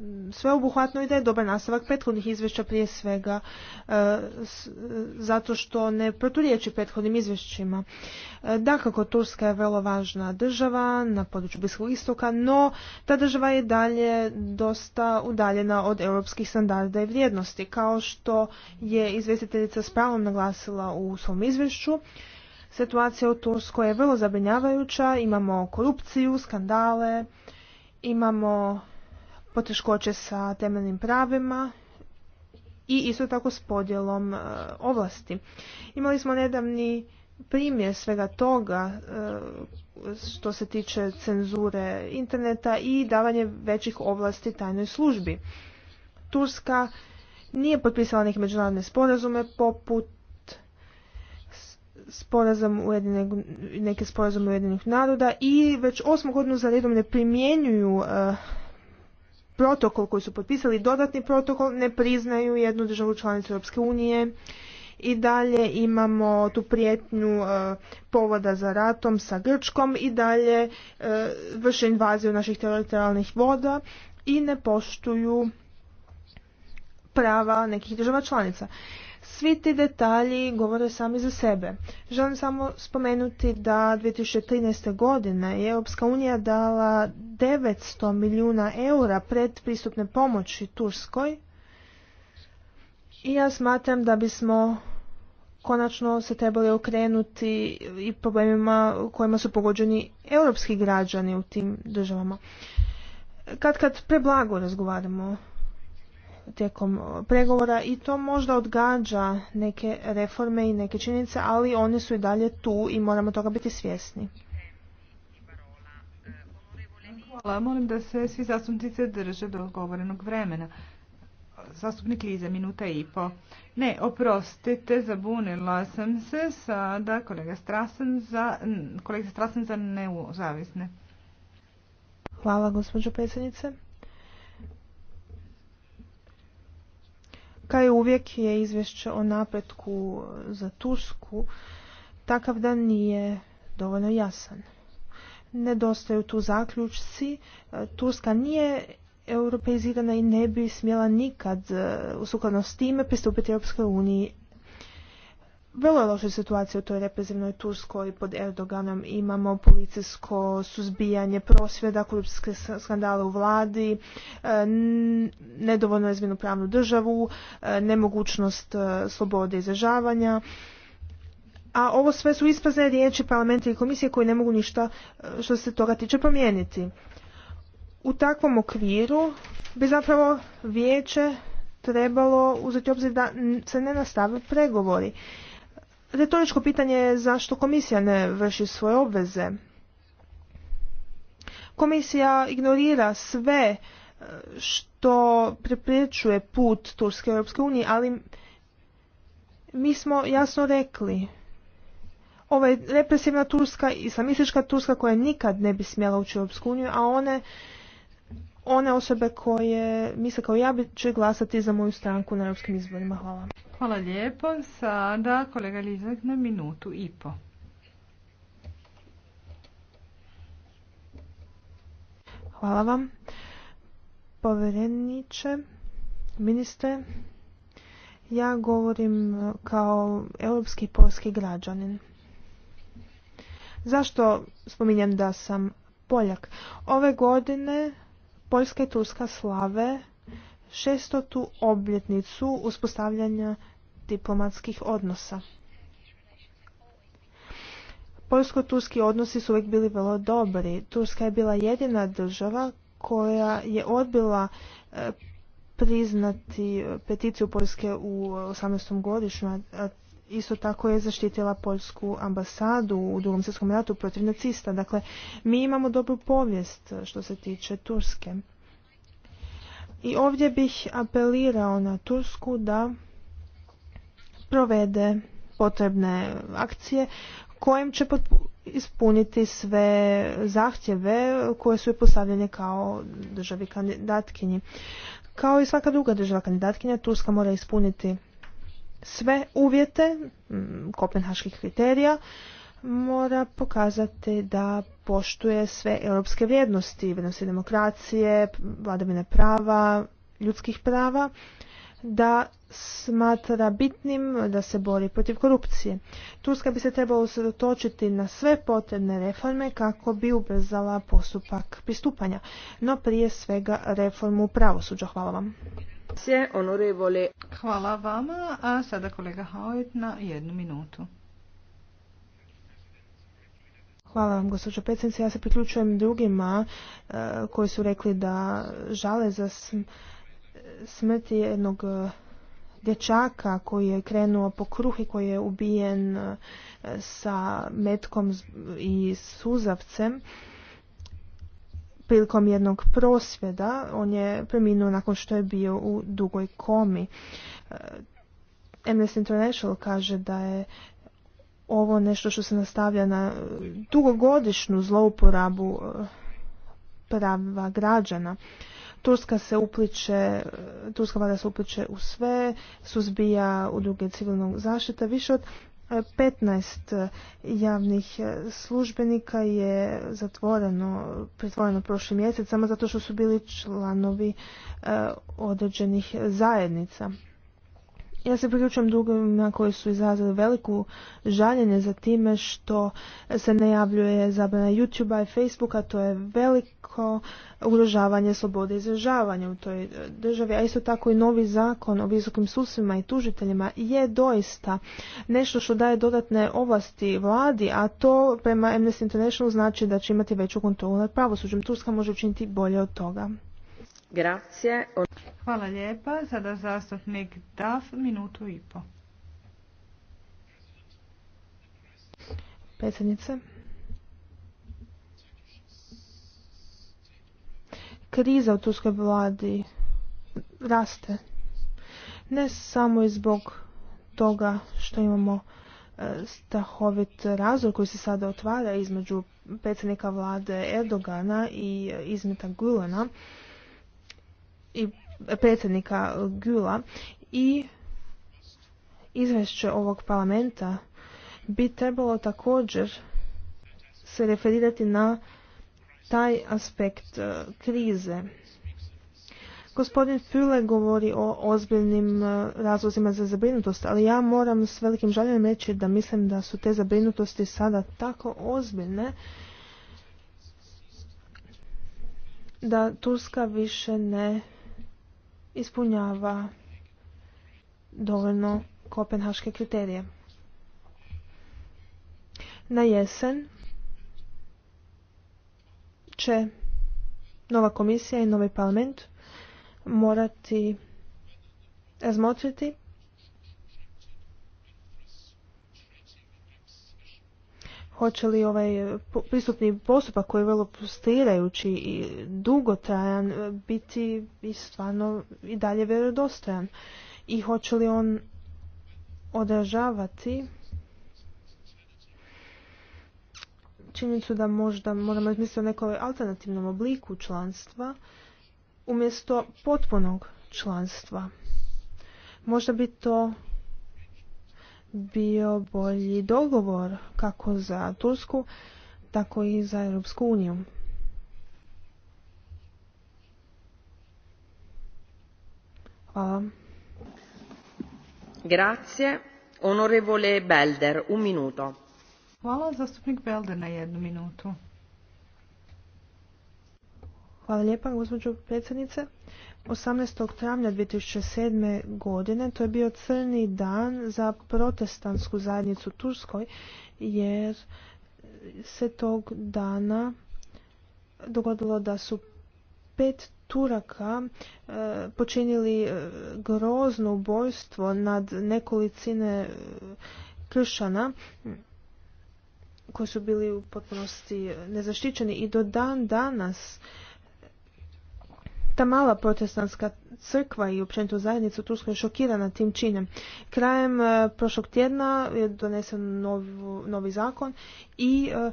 Speaker 4: Mm, sveobuhvatno i da je dobar nastavak prethodnih izvješća prije svega e, zato što ne proturječi prethodnim izvješćima. E, dakako, Turska je vrlo važna država na području Bliskog istoka, no ta država je dalje dosta udaljena od europskih standarda i vrijednosti. Kao što je izvjestiteljica s pravom naglasila u svom izvješću, Situacija u Turskoj je vrlo zabrinjavajuća, imamo korupciju, skandale, imamo poteškoće sa temeljnim pravima i isto tako s podjelom e, ovlasti. Imali smo nedavni primjer svega toga e, što se tiče cenzure interneta i davanje većih ovlasti tajnoj službi. Turska nije potpisala neke međunarodne sporazume poput neke sporazume ujedinjenih naroda i već osam godinu za redom ne primjenjuju e, protokol koji su potpisali, dodatni protokol, ne priznaju jednu državu članicu Europske unije. I dalje imamo tu prijetnju e, povoda za ratom sa Grčkom i dalje e, vrše invaziju naših teritorijalnih voda i ne poštuju prava nekih država članica. Svi ti detalji govore sami za sebe. Želim samo spomenuti da 2013. godine je Europska unija dala 900 milijuna eura predpristupne pomoći Turskoj i ja smatram da bismo konačno se trebali okrenuti i problemima kojima su pogođeni europski građani u tim državama. Kad kad preblago razgovaramo tijekom e, pregovora i to možda odgađa neke reforme i neke činjenice, ali one su i dalje tu i moramo toga biti svjesni.
Speaker 3: Hvala, molim da se svi zastupnici drže do govorenog vremena. Zastupnik Liza, minuta i po. Ne, oprostite, zabunila sam se sada kolega Strasen za, kolega Strasen za neuzavisne.
Speaker 4: Hvala, gospođo predsjednice. Kaj uvijek je izvješće o napretku za Tursku takav da nije dovoljno jasan. Nedostaju tu zaključci. Turska nije europeizirana i ne bi smjela nikad e, u sukladno s time pristupiti Europskoj uniji vrlo je loša situacija u toj reprezivnoj Turskoj pod Erdoganom. Imamo policijsko suzbijanje prosvjeda, korupcijske skandale u vladi, e, nedovoljno izmjenu pravnu državu, e, nemogućnost e, slobode izražavanja. A ovo sve su ispazne riječi parlamenta i komisije koji ne mogu ništa što se toga tiče promijeniti. U takvom okviru bi zapravo vijeće trebalo uzeti obzir da se ne nastave pregovori Retoričko pitanje je zašto komisija ne vrši svoje obveze. Komisija ignorira sve e, što prepriječuje put Turske Europske unije, ali mi smo jasno rekli ova represivna Turska, islamistička Turska koja nikad ne bi smjela ući u Europsku uniju, a one one osobe koje misle kao ja će glasati za moju stranku na europskim izborima. Hvala.
Speaker 3: Hvala lijepo. Sada kolega Lizak na minutu i po. Hvala vam. Povereniče,
Speaker 4: ministre, ja govorim kao europski polski građanin. Zašto spominjem da sam Poljak? Ove godine Poljska i Turska slave šestotu obljetnicu uspostavljanja diplomatskih odnosa. Poljsko-turski odnosi su uvijek bili vrlo dobri. Turska je bila jedina država koja je odbila eh, priznati eh, peticiju Poljske u 18. Eh, godišnju, isto tako je zaštitila poljsku ambasadu u drugom svjetskom ratu protiv nacista. Dakle, mi imamo dobru povijest što se tiče Turske. I ovdje bih apelirao na Tursku da provede potrebne akcije kojim će ispuniti sve zahtjeve koje su je postavljene kao državi kandidatkinji. Kao i svaka druga država kandidatkinja, Turska mora ispuniti sve uvjete kopenhaških kriterija mora pokazati da poštuje sve europske vrijednosti, vrijednosti demokracije, vladavine prava, ljudskih prava, da smatra bitnim da se bori protiv korupcije. Turska bi se trebala usredotočiti na sve potrebne reforme kako bi ubrzala postupak pristupanja, no prije svega reformu pravosuđa. Hvala
Speaker 3: vam. Hvala vama, a sada kolega Haujt na jednu minutu.
Speaker 4: Hvala vam, gospođo predsjednice. Ja se priključujem drugima e, koji su rekli da žale za smrti jednog e, dječaka koji je krenuo po kruh i koji je ubijen e, sa metkom i suzavcem prilikom jednog prosvjeda. On je preminuo nakon što je bio u dugoj komi. E, Amnesty International kaže da je ovo nešto što se nastavlja na dugogodišnju zlouporabu e, prava građana. Turska se upliče, Turska vlada se upliče u sve, suzbija udruge civilnog zaštita. Više od 15 eh, javnih eh, službenika je zatvoreno, pretvoreno prošli mjesec samo zato što su bili članovi eh, određenih zajednica. Ja se priključujem drugima koji su izrazili veliku žaljenje za time što se najavljuje zabrana YouTube-a i Facebooka, to je veliko ugrožavanje slobode izražavanja u toj e, državi, a isto tako i novi zakon o visokim susvima i tužiteljima je doista nešto što daje dodatne ovlasti vladi, a to prema Amnesty International znači da će imati veću kontrolu nad pravosuđem. Turska može učiniti bolje od toga.
Speaker 3: Hvala lijepa. Sada zastupnik DAF, minutu i
Speaker 4: Kriza u turskoj vladi raste. Ne samo i zbog toga što imamo e, stahovit razor koji se sada otvara između predsjednika vlade Erdogana i e, izmeta Gulena i predsjednika Gula i izvješće ovog parlamenta bi trebalo također se referirati na taj aspekt e, krize. Gospodin Füle govori o ozbiljnim e, razlozima za zabrinutost, ali ja moram s velikim žaljem reći da mislim da su te zabrinutosti sada tako ozbiljne da Turska više ne ispunjava dovoljno kopenhaške kriterije. Na jesen će nova komisija i novi parlament morati razmotriti hoće li ovaj pristupni postupak koji je vrlo frustrirajući i dugotrajan e, biti i stvarno i dalje vjerodostojan i hoće li on odražavati činjenicu da možda moramo razmisliti o nekom alternativnom obliku članstva umjesto potpunog članstva. Možda bi to bio bolji dogovor kako za Tursku, tako i za Europsku uniju.
Speaker 3: Hvala. Grazie. Onorevole Belder, un minuto. Hvala, zastupnik Belder na jednu minutu.
Speaker 4: Hvala lijepa, gospođo predsjednice. 18. travnja 2007. godine to je bio crni dan za protestantsku zajednicu Turskoj jer se tog dana dogodilo da su pet Turaka e, počinili e, grozno ubojstvo nad nekolicine e, kršana koji su bili u potpunosti nezaštićeni i do dan danas ta mala protestantska crkva i općenito zajednica u Turskoj je šokirana tim činem. Krajem e, prošlog tjedna je donesen novi zakon i e,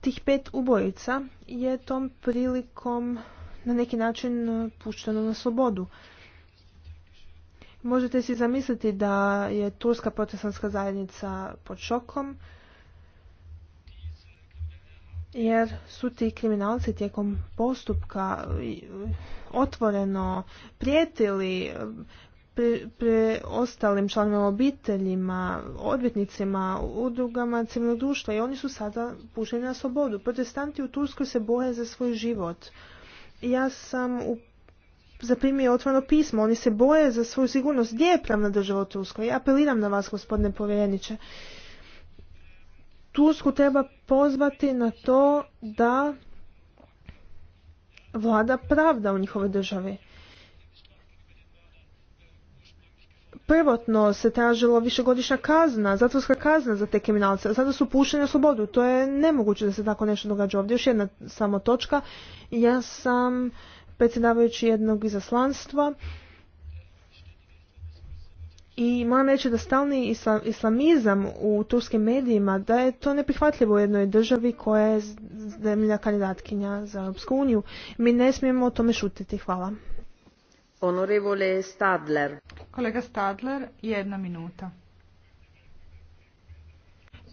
Speaker 4: tih pet ubojica je tom prilikom na neki način e, pušteno na slobodu. Možete si zamisliti da je turska protestantska zajednica pod šokom, jer su ti kriminalci tijekom postupka e, otvoreno prijetili e, pre, pre ostalim članovima obiteljima, odvjetnicima, udrugama civilnog društva i oni su sada pušteni na slobodu. Protestanti u Turskoj se boje za svoj život. Ja sam u zaprimio otvoreno pismo, oni se boje za svoju sigurnost. Gdje je pravna država u Turskoj? Ja apeliram na vas, gospodine povjereniče. Tursku treba pozvati na to da vlada pravda u njihovoj državi. prvotno se tražilo višegodišnja kazna, zatvorska kazna za te kriminalce, a sada su pušteni na slobodu. To je nemoguće da se tako nešto događa ovdje. Još jedna samo točka. Ja sam predsjedavajući jednog izaslanstva i moram reći da stalni islamizam u turskim medijima da je to neprihvatljivo u jednoj državi koja je zemlja kandidatkinja za Europsku uniju. Mi ne smijemo o tome šutiti. Hvala.
Speaker 3: Honorevole Stadler. Kolega Stadler, jedna minuta.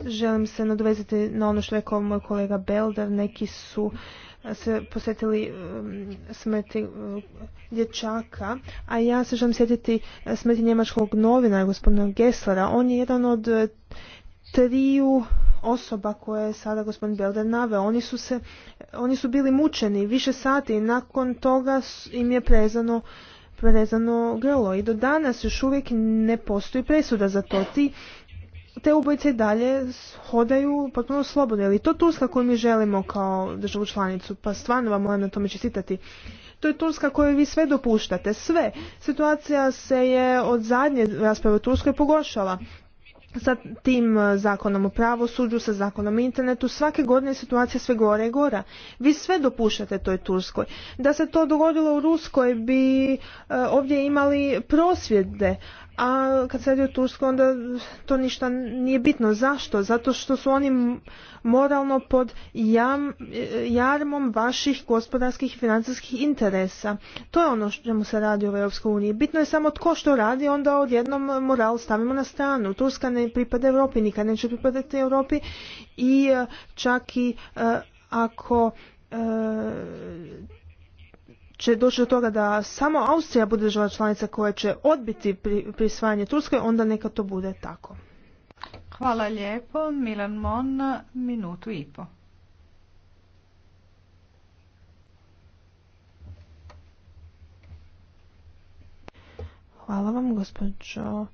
Speaker 4: Želim se nadovezati na ono što rekao moj kolega Belder. Neki su se posjetili um, smrti uh, dječaka, a ja se želim sjetiti uh, smrti njemačkog novina gospodina Gesslera. On je jedan od uh, triju osoba koje je sada gospodin Belder naveo. Oni su, se, oni su bili mučeni više sati i nakon toga im je prezano prerezano grlo i do danas još uvijek ne postoji presuda za to. Ti te ubojice i dalje hodaju potpuno slobodno. Je li to Turska koju mi želimo kao državu članicu? Pa stvarno vam moram na tome čestitati. To je Turska koju vi sve dopuštate, sve. Situacija se je od zadnje rasprave u Turskoj pogošala sa tim e, zakonom o pravosuđu, sa zakonom o internetu, svake godine je situacija sve gore i gora. Vi sve dopuštate toj Turskoj. Da se to dogodilo u Ruskoj bi e, ovdje imali prosvjede, a kad se radi o Turskoj onda to ništa nije bitno. Zašto? Zato što su oni moralno pod jam, jarmom vaših gospodarskih i financijskih interesa. To je ono čemu se radi u Europskoj uniji. Bitno je samo tko što radi, onda odjednom moral stavimo na stranu. Turska ne pripada Europi, nikad neće pripadati Europi i e, čak i e, ako e, će doći do toga da samo Austrija bude država članica koja će odbiti prisvajanje Turske, onda neka to bude tako.
Speaker 3: Hvala lijepo. Milan Mon, minutu i po.
Speaker 4: Hvala vam, gospođo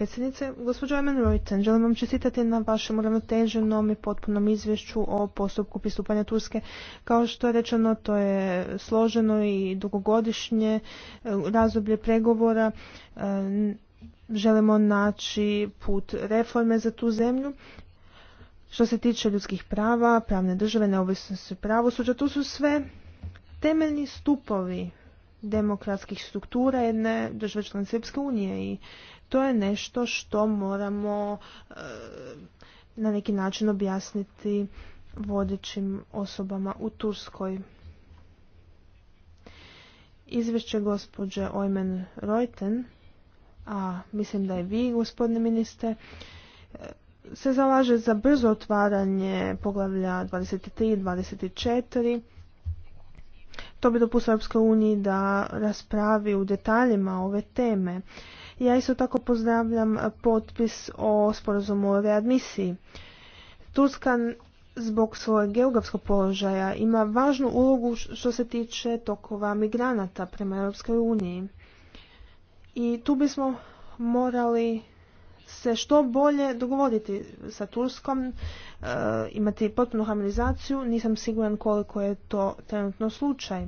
Speaker 4: predsjednice. Gospođo Emen Reuten, želim vam čestitati na vašem uravnoteženom i potpunom izvješću o postupku pristupanja Turske. Kao što je rečeno, to je složeno i dugogodišnje e, razdoblje pregovora. E, želimo naći put reforme za tu zemlju. Što se tiče ljudskih prava, pravne države, neovisnosti pravosuđa, tu su sve temeljni stupovi demokratskih struktura jedne države članice Srpske unije i to je nešto što moramo eh, na neki način objasniti vodećim osobama u Turskoj. Izvješće gospođe Ojmen Reuten, a mislim da je vi gospodine ministre, eh, se zalaže za brzo otvaranje poglavlja 23 i 24. To bi dopustilo Europskoj uniji da raspravi u detaljima ove teme. Ja isto tako pozdravljam potpis o sporazumu o readmisiji. Turska zbog svojeg geografskog položaja ima važnu ulogu što se tiče tokova migranata prema Europskoj uniji. I tu bismo morali se što bolje dogovoriti sa Turskom, e, imati potpunu harmonizaciju, nisam siguran koliko je to trenutno slučaj.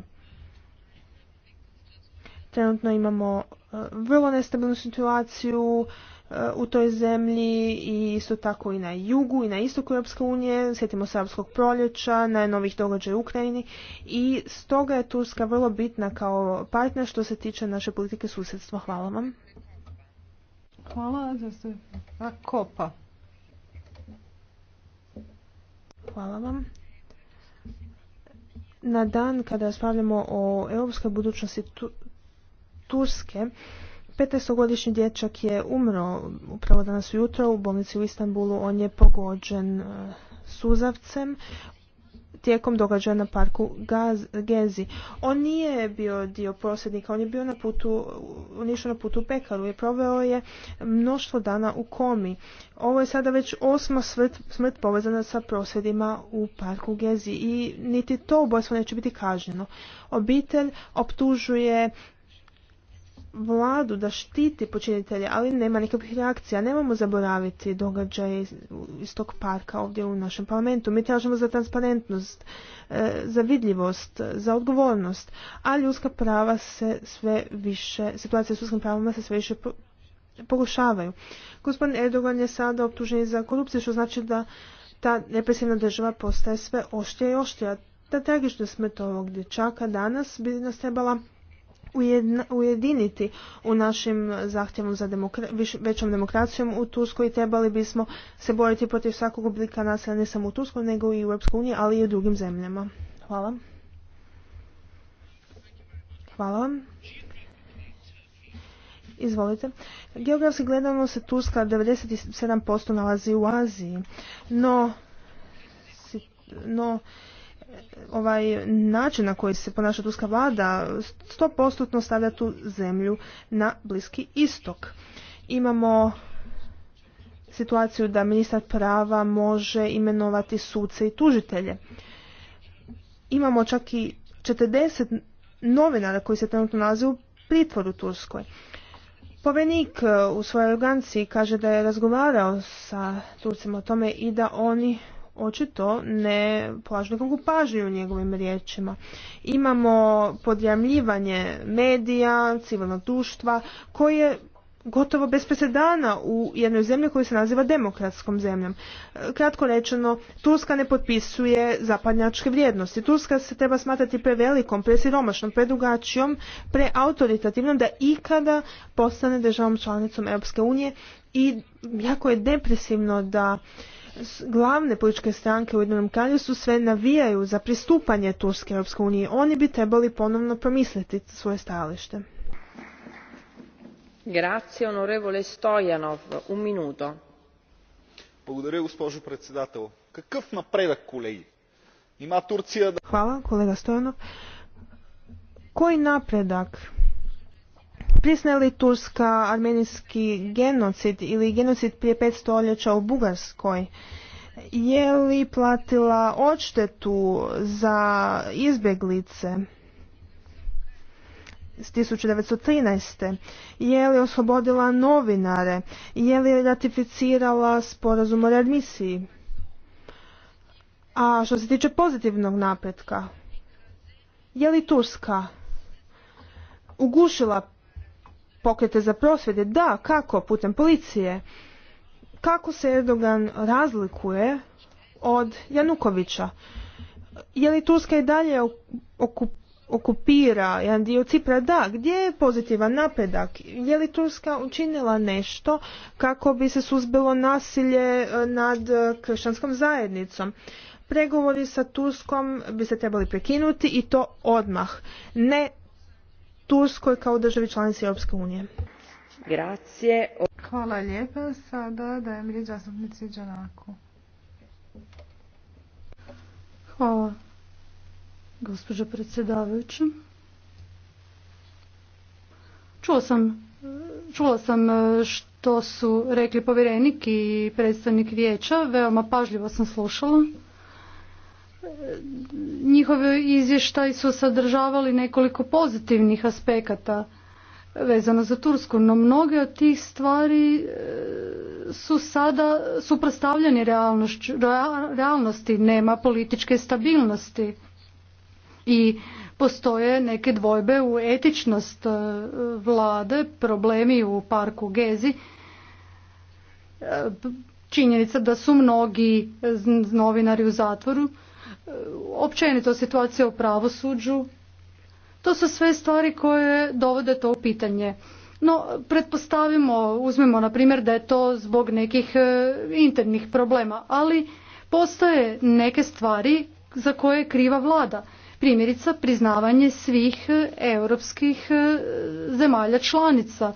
Speaker 4: Trenutno imamo e, vrlo nestabilnu situaciju e, u toj zemlji i isto tako i na jugu i na istoku Europske unije. Sjetimo se Europskog proljeća, najnovih događaja u Ukrajini i stoga je Turska vrlo bitna kao partner što se tiče naše politike
Speaker 3: susjedstva. Hvala vam. Hvala za Hvala vam.
Speaker 4: Na dan kada raspravljamo o europskoj budućnosti Turske. 15-godišnji dječak je umro upravo danas ujutro u bolnici u Istanbulu. On je pogođen e, suzavcem tijekom događaja na parku Gezi. On nije bio dio prosjednika, on je bio na putu, on je išao na putu u pekaru i proveo je mnoštvo dana u komi. Ovo je sada već osma smrt, povezana sa prosvjedima u parku Gezi i niti to ubojstvo neće biti kažnjeno. Obitelj optužuje vladu da štiti počinitelje, ali nema nikakvih reakcija. Nemamo zaboraviti događaje iz tog parka ovdje u našem parlamentu. Mi tražimo za transparentnost, e, za vidljivost, za odgovornost, a ljudska prava se sve više, situacija s ljudskim pravima se sve više pogušavaju. Gospodin Erdogan je sada optužen za korupciju, što znači da ta represivna država postaje sve oštija i oštija. Ta tragična smrt ovog dječaka danas bi nas trebala ujediniti u našim zahtjevom za demokra većom demokracijom u Turskoj i trebali bismo se boriti protiv svakog oblika nasilja ne samo u Turskoj nego i u Europskoj uniji, ali i u drugim zemljama. Hvala. Hvala Izvolite. Geografski gledano se Turska 97% nalazi u Aziji, no, no ovaj način na koji se ponaša turska vlada 100% stavlja tu zemlju na Bliski istok. Imamo situaciju da ministar prava može imenovati suce i tužitelje. Imamo čak i 40 novinara koji se trenutno nalaze u pritvoru Turskoj. Povenik eh, u svojoj organciji kaže da je razgovarao sa Turcima o tome i da oni očito ne polažu nekakvu u njegovim riječima. Imamo podjamljivanje medija, civilnog društva, koje je gotovo bez presedana u jednoj zemlji koju se naziva demokratskom zemljom. Kratko rečeno, Turska ne potpisuje zapadnjačke vrijednosti. Turska se treba smatrati prevelikom, presiromašnom, predugačijom, preautoritativnom da ikada postane državom članicom Europske unije i jako je depresivno da glavne političke stranke u Ujedinjenom su sve navijaju za pristupanje Turske europske uniji. Oni bi trebali ponovno promisliti svoje stajalište.
Speaker 5: Grazie, onorevole Stojanov. Un minuto.
Speaker 6: Благодаря, госпожо председател. Какъв напредък, колеги? Има Турция...
Speaker 4: Hvala, kolega Stojanov. Koji napredak Prisne li Turska armenijski genocid ili genocid prije pet stoljeća u Bugarskoj? Je li platila odštetu za izbjeglice? s 1913. Je li oslobodila novinare? Je li ratificirala sporazum o readmisiji? A što se tiče pozitivnog napretka, je li Turska ugušila pokrete za prosvjede. Da, kako? Putem policije. Kako se Erdogan razlikuje od Janukovića? Je li Turska i dalje okupira jedan dio Cipra? Da. Gdje je pozitivan napredak? Je li Turska učinila nešto kako bi se suzbilo nasilje e, nad e, kršćanskom zajednicom? pregovori sa Turskom bi se trebali prekinuti i to odmah. Ne Turskoj kao državi članici
Speaker 3: Europske unije. Grazie. Hvala lijepa. Sada dajem riječ zastupnici
Speaker 1: Đanaku. Hvala, gospođo predsjedavajući. Čuo sam, čula sam e, što su rekli povjerenik i predstavnik vijeća. Veoma pažljivo sam slušala njihove izvještaj su sadržavali nekoliko pozitivnih aspekata vezano za Tursku, no mnoge od tih stvari e, su sada suprotstavljene realnosti, nema političke stabilnosti i postoje neke dvojbe u etičnost e, vlade, problemi u parku Gezi, e, činjenica da su mnogi novinari u zatvoru, općenito situacija u pravosuđu. To su sve stvari koje dovode to u pitanje. No, pretpostavimo, uzmemo na primjer da je to zbog nekih e, internih problema, ali postoje neke stvari za koje je kriva vlada. Primjerica, priznavanje svih e, europskih e, zemalja članica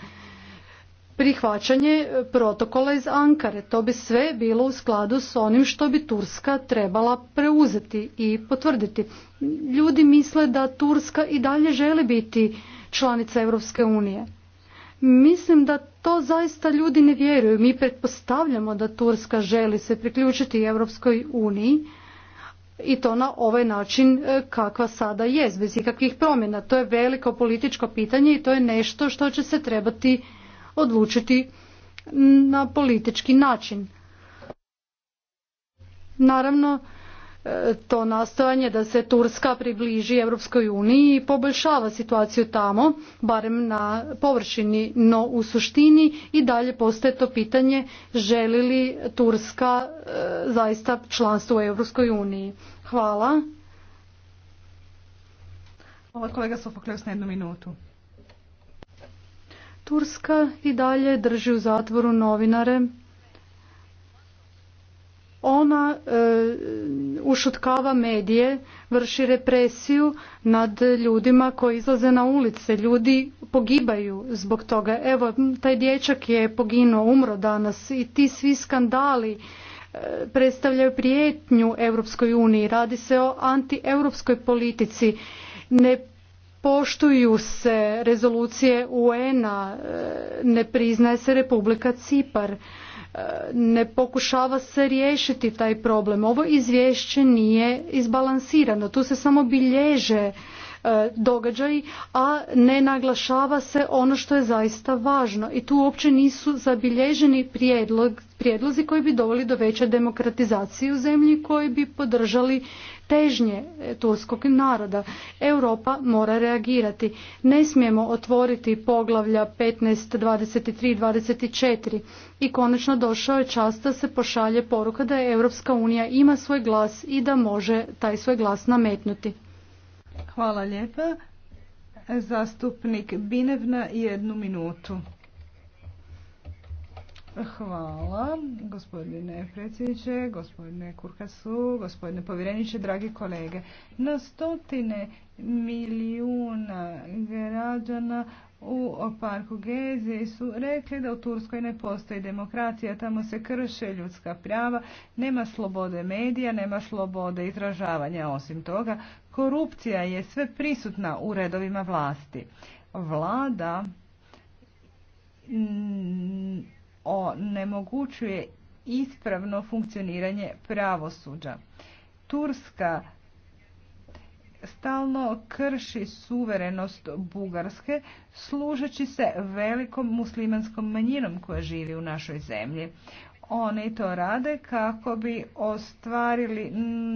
Speaker 1: prihvaćanje protokola iz Ankare. To bi sve bilo u skladu s onim što bi Turska trebala preuzeti i potvrditi. Ljudi misle da Turska i dalje želi biti članica Europske unije. Mislim da to zaista ljudi ne vjeruju. Mi pretpostavljamo da Turska želi se priključiti Europskoj uniji i to na ovaj način e, kakva sada jest, bez ikakvih promjena. To je veliko političko pitanje i to je nešto što će se trebati odlučiti na politički način. Naravno, e, to nastojanje da se Turska približi Europskoj uniji i poboljšava situaciju tamo, barem na površini, no u suštini i dalje postoje to pitanje želi li Turska e, zaista članstvo u Europskoj uniji. Hvala.
Speaker 3: Hvala kolega Sofokleus na jednu minutu.
Speaker 1: Turska i dalje drži u zatvoru novinare. Ona e, ušutkava medije, vrši represiju nad ljudima koji izlaze na ulice. Ljudi pogibaju zbog toga. Evo, taj dječak je poginuo, umro danas i ti svi skandali e, predstavljaju prijetnju Europskoj uniji. Radi se o anti-europskoj politici. Ne poštuju se rezolucije UN-a, e, ne priznaje se Republika Cipar, e, ne pokušava se riješiti taj problem. Ovo izvješće nije izbalansirano, tu se samo bilježe e, događaji, a ne naglašava se ono što je zaista važno. I tu uopće nisu zabilježeni prijedlozi koji bi doveli do veće demokratizacije u zemlji koji bi podržali težnje turskog naroda. Europa mora reagirati. Ne smijemo otvoriti poglavlja 15, 23, 24. I konačno došao je čas da se pošalje poruka da je Europska unija ima svoj glas i da može taj svoj glas nametnuti.
Speaker 3: Hvala lijepa. Zastupnik Binevna, jednu minutu. Hvala, gospodine predsjedniče, gospodine Kurkasu, gospodine povjereniče, dragi kolege. Na stotine milijuna građana u parku Gezi su rekli da u Turskoj ne postoji demokracija, tamo se krše ljudska prava, nema slobode medija, nema slobode izražavanja. Osim toga, korupcija je sve prisutna u redovima vlasti. Vlada onemogućuje ispravno funkcioniranje pravosuđa. Turska stalno krši suverenost Bugarske služeći se velikom muslimanskom manjinom koja živi u našoj zemlji. Oni to rade kako bi ostvarili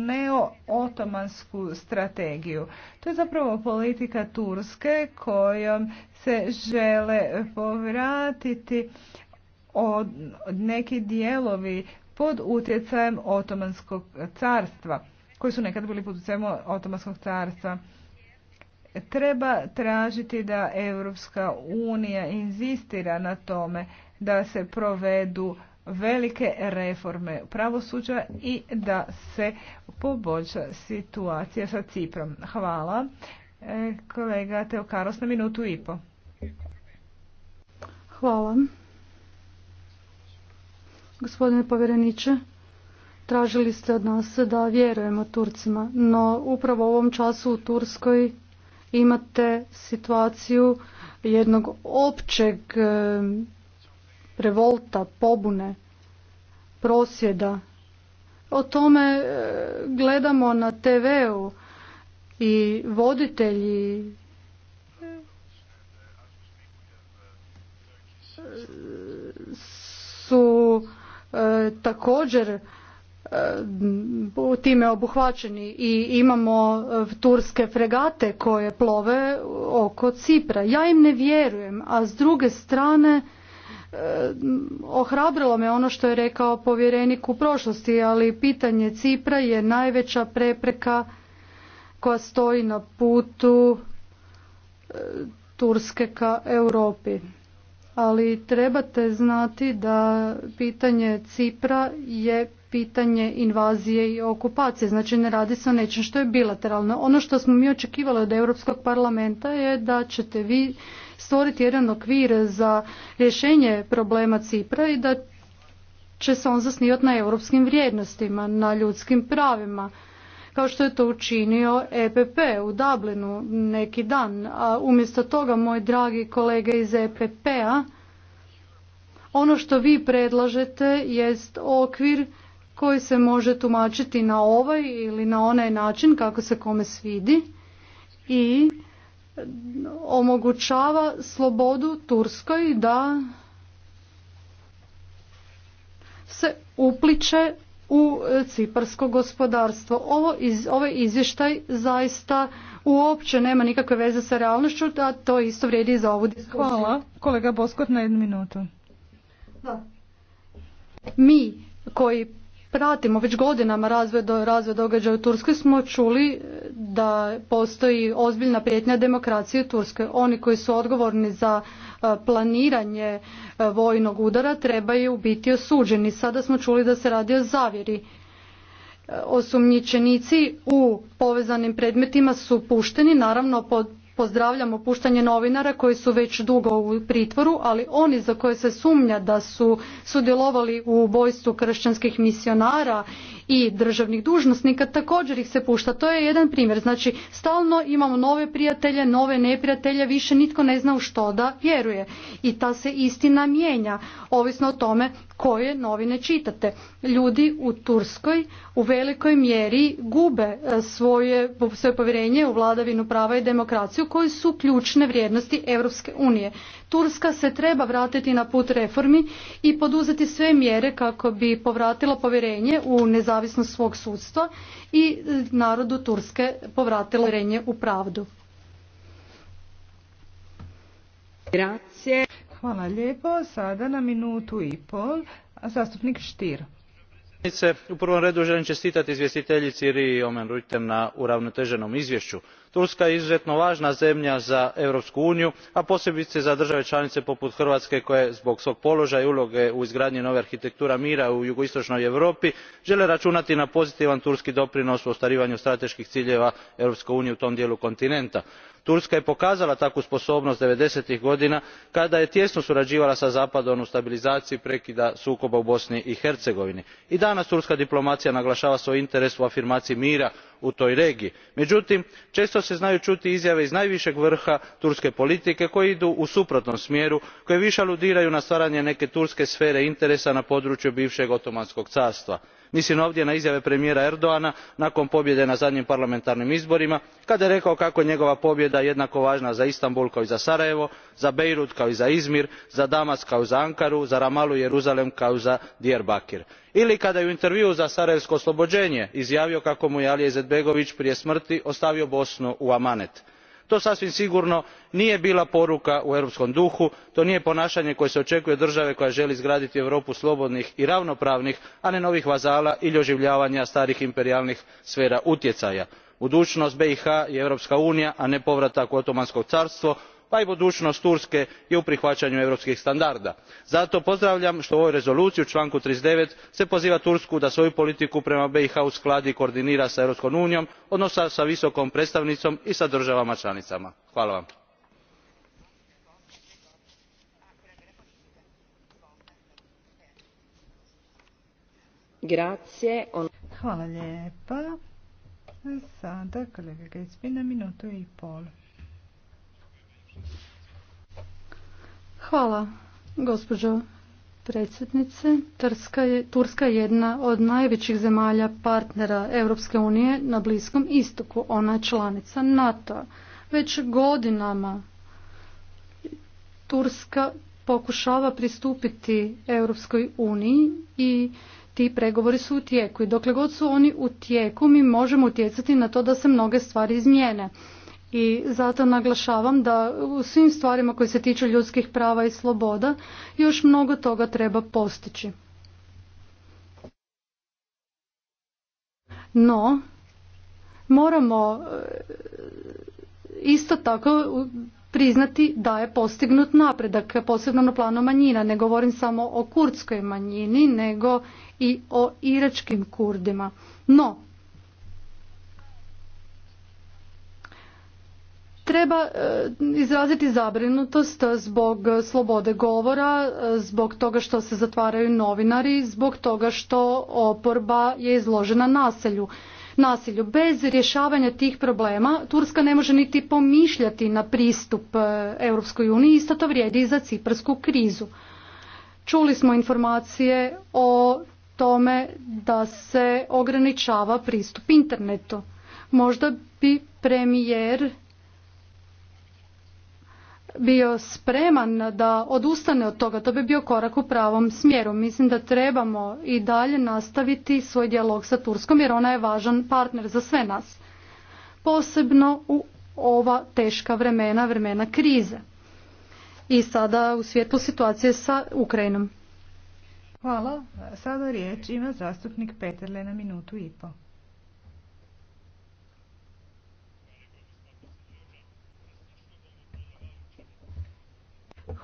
Speaker 3: neo-otomansku strategiju. To je zapravo politika Turske kojom se žele povratiti od neki dijelovi pod utjecajem Otomanskog carstva, koji su nekad bili pod utjecajem Otomanskog carstva. Treba tražiti da Europska unija inzistira na tome da se provedu velike reforme pravosuđa i da se poboljša situacija sa Ciprom. Hvala. E, kolega Teokaros na minutu i po.
Speaker 1: Hvala. Gospodine povjereniče, tražili ste od nas da vjerujemo Turcima, no upravo u ovom času u Turskoj imate situaciju jednog općeg e, revolta, pobune, prosjeda. O tome e, gledamo na TV-u i voditelji e, su E, također e, time obuhvaćeni i imamo e, turske fregate koje plove oko Cipra. Ja im ne vjerujem, a s druge strane ohrabrilo me ono što je rekao povjerenik u prošlosti, ali pitanje Cipra je najveća prepreka koja stoji na putu Turske ka Europi ali trebate znati da pitanje Cipra je pitanje invazije i okupacije. Znači ne radi se o nečem što je bilateralno. Ono što smo mi očekivali od Europskog parlamenta je da ćete vi stvoriti jedan okvir za rješenje problema Cipra i da će se on zasnivati na europskim vrijednostima, na ljudskim pravima kao što je to učinio EPP u Dublinu neki dan. A umjesto toga, moj dragi kolege iz EPP-a, ono što vi predlažete jest okvir koji se može tumačiti na ovaj ili na onaj način kako se kome svidi i omogućava slobodu Turskoj da se upliče u e, ciparsko gospodarstvo. Ovo iz, ovaj izvještaj zaista uopće nema nikakve veze sa realnošću, a to isto vrijedi i za ovu diskusiju. Hvala.
Speaker 3: Kolega Boskot na jednu minutu.
Speaker 1: Da. Mi koji pratimo već godinama razvoj, događaja u Turskoj smo čuli e, da postoji ozbiljna prijetnja demokracije u Turskoj. Oni koji su odgovorni za E, planiranje e, vojnog udara trebaju biti osuđeni. Sada smo čuli da se radi o zavjeri. E, osumnjičenici u povezanim predmetima su pušteni, naravno pozdravljamo puštanje novinara koji su već dugo u pritvoru, ali oni za koje se sumnja da su sudjelovali u ubojstvu kršćanskih misionara i državnih dužnosnika također ih se pušta. To je jedan primjer. Znači stalno imamo nove prijatelje, nove neprijatelje, više nitko ne zna u što da vjeruje. I ta se istina mijenja, ovisno o tome koje novine čitate. Ljudi u Turskoj u velikoj mjeri gube e, svoje, svoje povjerenje u vladavinu prava i demokraciju koje su ključne vrijednosti Europske unije. Turska se treba vratiti na put reformi i poduzeti sve mjere kako bi povratila povjerenje u nezavisnost svog sudstva i e, narodu Turske povratila povjerenje u pravdu. Grazie.
Speaker 3: Hvala lijepo. Sada na minutu i pol zastupnik Štir.
Speaker 2: U prvom redu želim čestitati izvjestiteljici i Omen Rutem na uravnoteženom izvješću. Turska je izuzetno važna zemlja za Europsku uniju, a posebice za države članice poput Hrvatske koje zbog svog položaja i uloge u izgradnji nove arhitektura mira u jugoistočnoj Europi žele računati na pozitivan turski doprinos u ostvarivanju strateških ciljeva Europske unije u tom dijelu kontinenta turska je pokazala takvu sposobnost ih godina kada je tijesno surađivala sa zapadom u stabilizaciji prekida sukoba u bosni i hercegovini. i danas turska diplomacija naglašava svoj interes u afirmaciji mira u toj regiji. međutim često se znaju čuti izjave iz najvišeg vrha turske politike koje idu u suprotnom smjeru koje više aludiraju na stvaranje neke turske sfere interesa na području bivšeg otomanskog carstva mislim ovdje na izjave premijera erdoana nakon pobjede na zadnjim parlamentarnim izborima kada je rekao kako je njegova pobjeda jednako važna za istanbul kao i za sarajevo za beirut kao i za izmir za damas kao i za ankaru za ramalu i jeruzalem kao i za Djerbakir. ili kada je u intervjuu za sarajevsko oslobođenje izjavio kako mu je alija izetbegović prije smrti ostavio bosnu u amanet to sasvim sigurno nije bila poruka u europskom duhu to nije ponašanje koje se očekuje od države koja želi izgraditi europu slobodnih i ravnopravnih a ne novih vazala ili oživljavanja starih imperijalnih sfera utjecaja. budućnost bih je europska unija a ne povratak u otomansko carstvo pa i budućnost turske je u prihvaćanju europskih standarda. zato pozdravljam što u ovoj rezoluciji u članku thirty nine poziva tursku da svoju politiku prema bih uskladi i koordinira s europskom unijom odnosno s visokom predstavnicom i s državama članicama. hvala vam.
Speaker 1: i Hvala, gospođo predsjednice. Turska je, jedna od najvećih zemalja partnera Europske unije na Bliskom istoku. Ona je članica NATO. Već godinama Turska pokušava pristupiti Europskoj uniji i ti pregovori su u tijeku. I dokle god su oni u tijeku mi možemo utjecati na to da se mnoge stvari izmijene i zato naglašavam da u svim stvarima koje se tiču ljudskih prava i sloboda još mnogo toga treba postići. No, moramo e, isto tako priznati da je postignut napredak, posebno na planu manjina. Ne govorim samo o kurdskoj manjini, nego i o iračkim kurdima. No, treba e, izraziti zabrinutost zbog slobode govora, e, zbog toga što se zatvaraju novinari, zbog toga što oporba je izložena nasilju. Nasilju. Bez rješavanja tih problema Turska ne može niti pomišljati na pristup e, Europskoj uniji, isto to vrijedi i za ciprsku krizu. Čuli smo informacije o tome da se ograničava pristup internetu. Možda bi premijer bio spreman da odustane od toga, to bi bio korak u pravom smjeru. Mislim da trebamo i dalje nastaviti svoj dijalog sa Turskom jer ona je važan partner za sve nas. Posebno u ova teška vremena, vremena krize. I sada u svjetlu situacije sa Ukrajinom.
Speaker 3: Hvala. Sada riječ ima zastupnik Peterle na minutu i pol.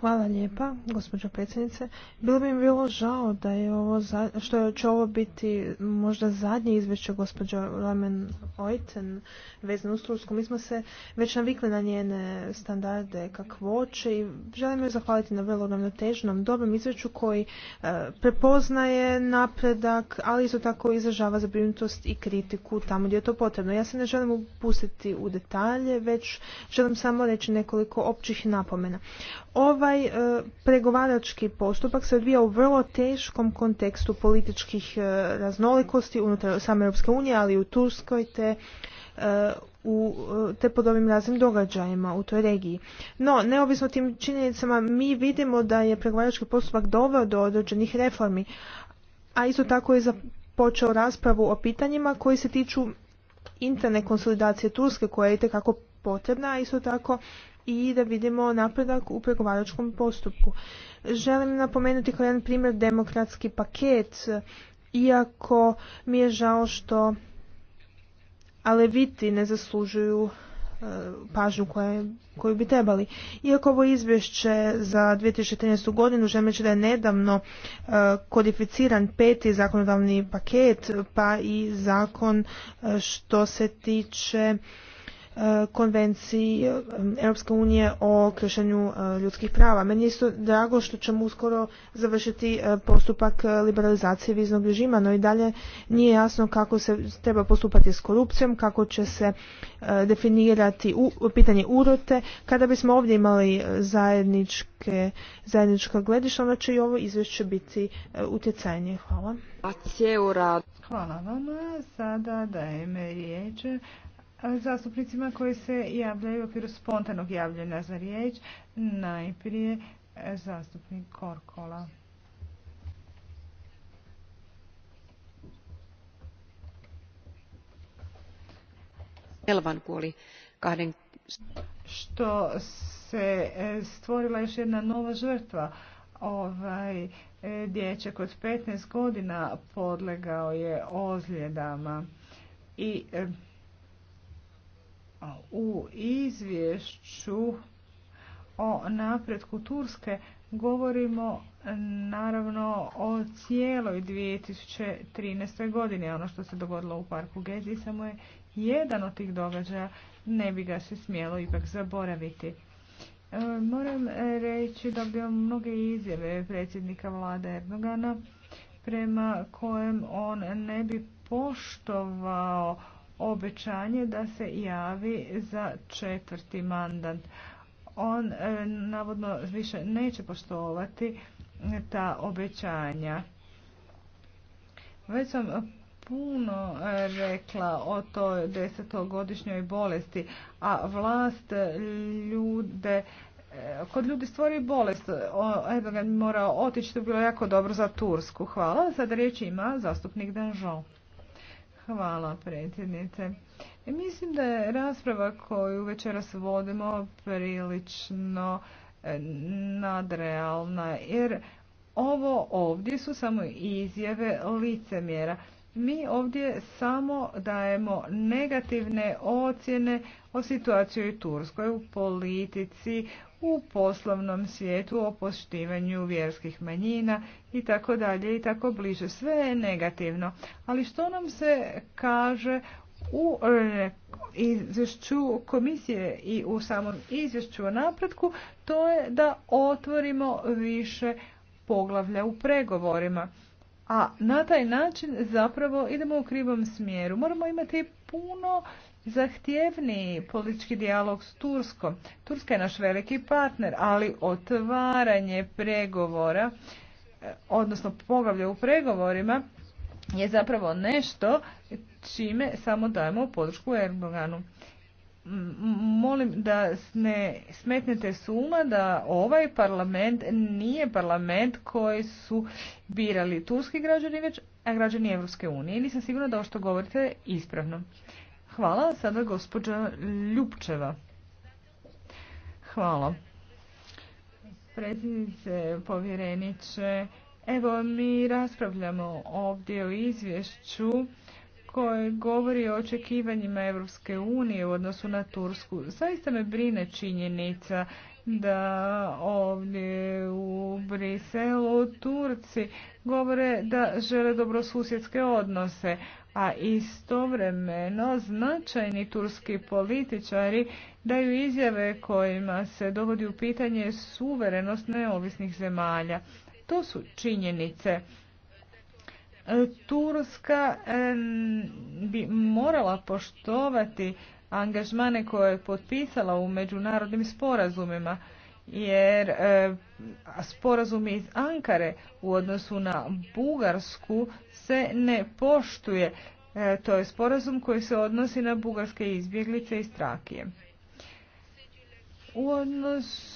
Speaker 3: Hvala
Speaker 4: lijepa, gospođo predsjednice. Bilo bi mi bilo žao da je ovo, što će ovo biti možda zadnje izvješće gospođo Ramen Oiten vezano uz Tursku. Mi smo se već navikli na njene standarde kakvoće i želim joj zahvaliti na vrlo ravnotežnom dobrom izvješću koji e, prepoznaje napredak, ali isto tako izražava zabrinutost i kritiku tamo gdje je to potrebno. Ja se ne želim upustiti u detalje, već želim samo reći nekoliko općih napomena. Ovaj e, pregovarački postupak se odvija u vrlo teškom kontekstu političkih e, raznolikosti unutar same Europske unije, ali i u Turskoj te e, u, te pod ovim raznim događajima u toj regiji. No, neovisno tim činjenicama mi vidimo da je pregovarački postupak doveo do određenih reformi, a isto tako je započeo raspravu o pitanjima koji se tiču interne konsolidacije Turske koja je itekako potrebna, a isto tako i da vidimo napredak u pregovaračkom postupku. Želim napomenuti kao jedan primjer demokratski paket, iako mi je žao što aleviti ne zaslužuju e, pažnju koju bi trebali. Iako ovo izvješće za 2013. godinu želim reći da je nedavno e, kodificiran peti zakonodavni paket pa i zakon e, što se tiče konvenciji e, Europske unije o kršenju e, ljudskih prava. Meni je isto drago što ćemo uskoro završiti e, postupak liberalizacije viznog režima, no i dalje nije jasno kako se treba postupati s korupcijom, kako će se definirati pitanje urote. Kada bismo ovdje imali zajedničke, zajednička gledišta, onda će i ovo izvješće biti utjecajnije.
Speaker 3: Hvala. Hvala vama. Sada dajeme zastupnicima koji se javljaju u okviru spontanog javljanja za riječ. Najprije e, zastupnik Korkola. Što se e, stvorila još jedna nova žrtva. Ovaj e, dječak od 15 godina podlegao je ozljedama i u izvješću o napretku Turske govorimo naravno o cijeloj 2013. godini. Ono što se dogodilo u parku Gezi samo je jedan od tih događaja, ne bi ga se smjelo ipak zaboraviti. E, moram reći da bi mnoge izjave predsjednika vlade Erdogana prema kojem on ne bi poštovao obećanje da se javi za četvrti mandat. On e, navodno više neće poštovati ta obećanja. Već sam puno e, rekla o toj desetogodišnjoj bolesti, a vlast ljude e, Kod ljudi stvori bolest. Erdogan mora otići, to bilo jako dobro za Tursku. Hvala. Sad riječ ima zastupnik Danžon. Hvala predsjednice. E, mislim da je rasprava koju večeras vodimo prilično e, nadrealna jer ovo ovdje su samo izjave licemjera. Mi ovdje samo dajemo negativne ocjene o situaciji u Turskoj, u politici, u poslovnom svijetu, o poštivanju vjerskih manjina i tako dalje i tako bliže. Sve je negativno. Ali što nam se kaže u eh, izvješću komisije i u samom izvješću o napretku, to je da otvorimo više poglavlja u pregovorima. A na taj način zapravo idemo u krivom smjeru. Moramo imati puno zahtjevniji politički dijalog s Turskom. Turska je naš veliki partner, ali otvaranje pregovora, odnosno poglavlje u pregovorima, je zapravo nešto čime samo dajemo podršku Erdoganu molim da ne smetnete suma da ovaj parlament nije parlament koji su birali turski građani, već građani Evropske unije. Nisam sigurna da ovo što govorite ispravno. Hvala. Sada gospođa Ljupčeva. Hvala. Predsjednice, povjereniče, evo mi raspravljamo ovdje o izvješću koji govori o očekivanjima Europske unije u odnosu na Tursku. Zaista me brine činjenica da ovdje u Briselu Turci govore da žele dobrosusjedske odnose, a istovremeno značajni turski političari daju izjave kojima se dovodi u pitanje suverenost neovisnih zemalja. To su činjenice. Turska bi morala poštovati angažmane koje je potpisala u međunarodnim sporazumima jer sporazumi iz Ankare u odnosu na Bugarsku se ne poštuje. E, to je sporazum koji se odnosi na bugarske izbjeglice iz Trakije. U odnosu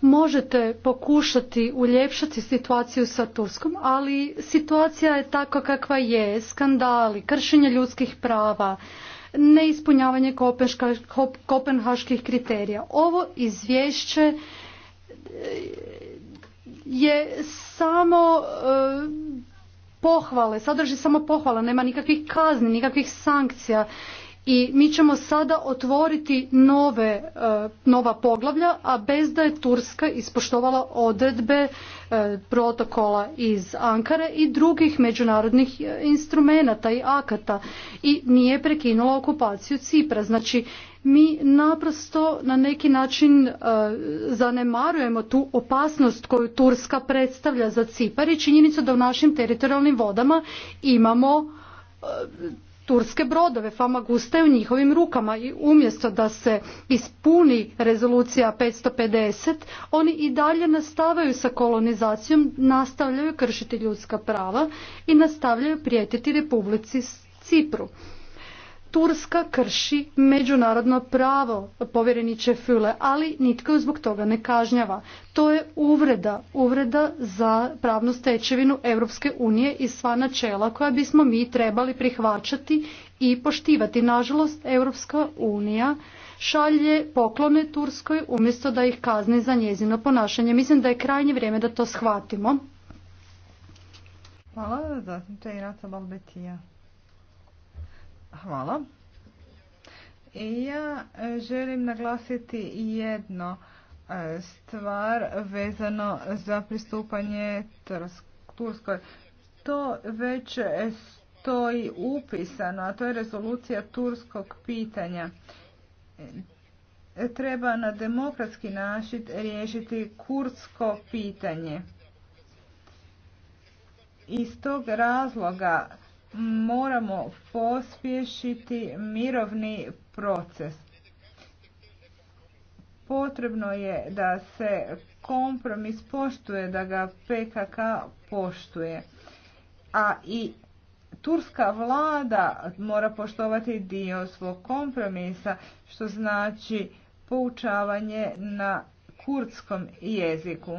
Speaker 1: možete pokušati uljepšati situaciju sa Turskom, ali situacija je takva kakva je, skandali, kršenje ljudskih prava, neispunjavanje kopenhaških kriterija. Ovo izvješće e, je samo e, pohvale, sadrži samo pohvale. nema nikakvih kazni, nikakvih sankcija i mi ćemo sada otvoriti nove, e, nova poglavlja, a bez da je Turska ispoštovala odredbe e, protokola iz Ankare i drugih međunarodnih e, instrumenata i akata i nije prekinula okupaciju Cipra. Znači, mi naprosto na neki način zanemarujemo tu opasnost koju Turska predstavlja za Cipar i činjenicu da u našim teritorijalnim vodama imamo turske brodove. fama gustaju u njihovim rukama i umjesto da se ispuni rezolucija 550, oni i dalje nastavaju sa kolonizacijom, nastavljaju kršiti ljudska prava i nastavljaju prijetiti Republici Cipru. Turska krši međunarodno pravo, povjereniče Fule, ali nitko ju zbog toga ne kažnjava. To je uvreda, uvreda za pravnu stečevinu Europske unije i sva načela koja bismo mi trebali prihvaćati i poštivati. Nažalost, Europska unija šalje poklone Turskoj umjesto da ih kazni za njezino ponašanje. Mislim da je krajnje vrijeme da to shvatimo.
Speaker 3: Hvala, da, Hvala. Ja e, želim naglasiti jedno e, stvar vezano za pristupanje Turskoj. To već stoji upisano, a to je rezolucija turskog pitanja. Treba na demokratski način riješiti kurdsko pitanje. Iz tog razloga moramo pospješiti mirovni proces. Potrebno je da se kompromis poštuje, da ga PKK poštuje. A i turska vlada mora poštovati dio svog kompromisa, što znači poučavanje na kurdskom jeziku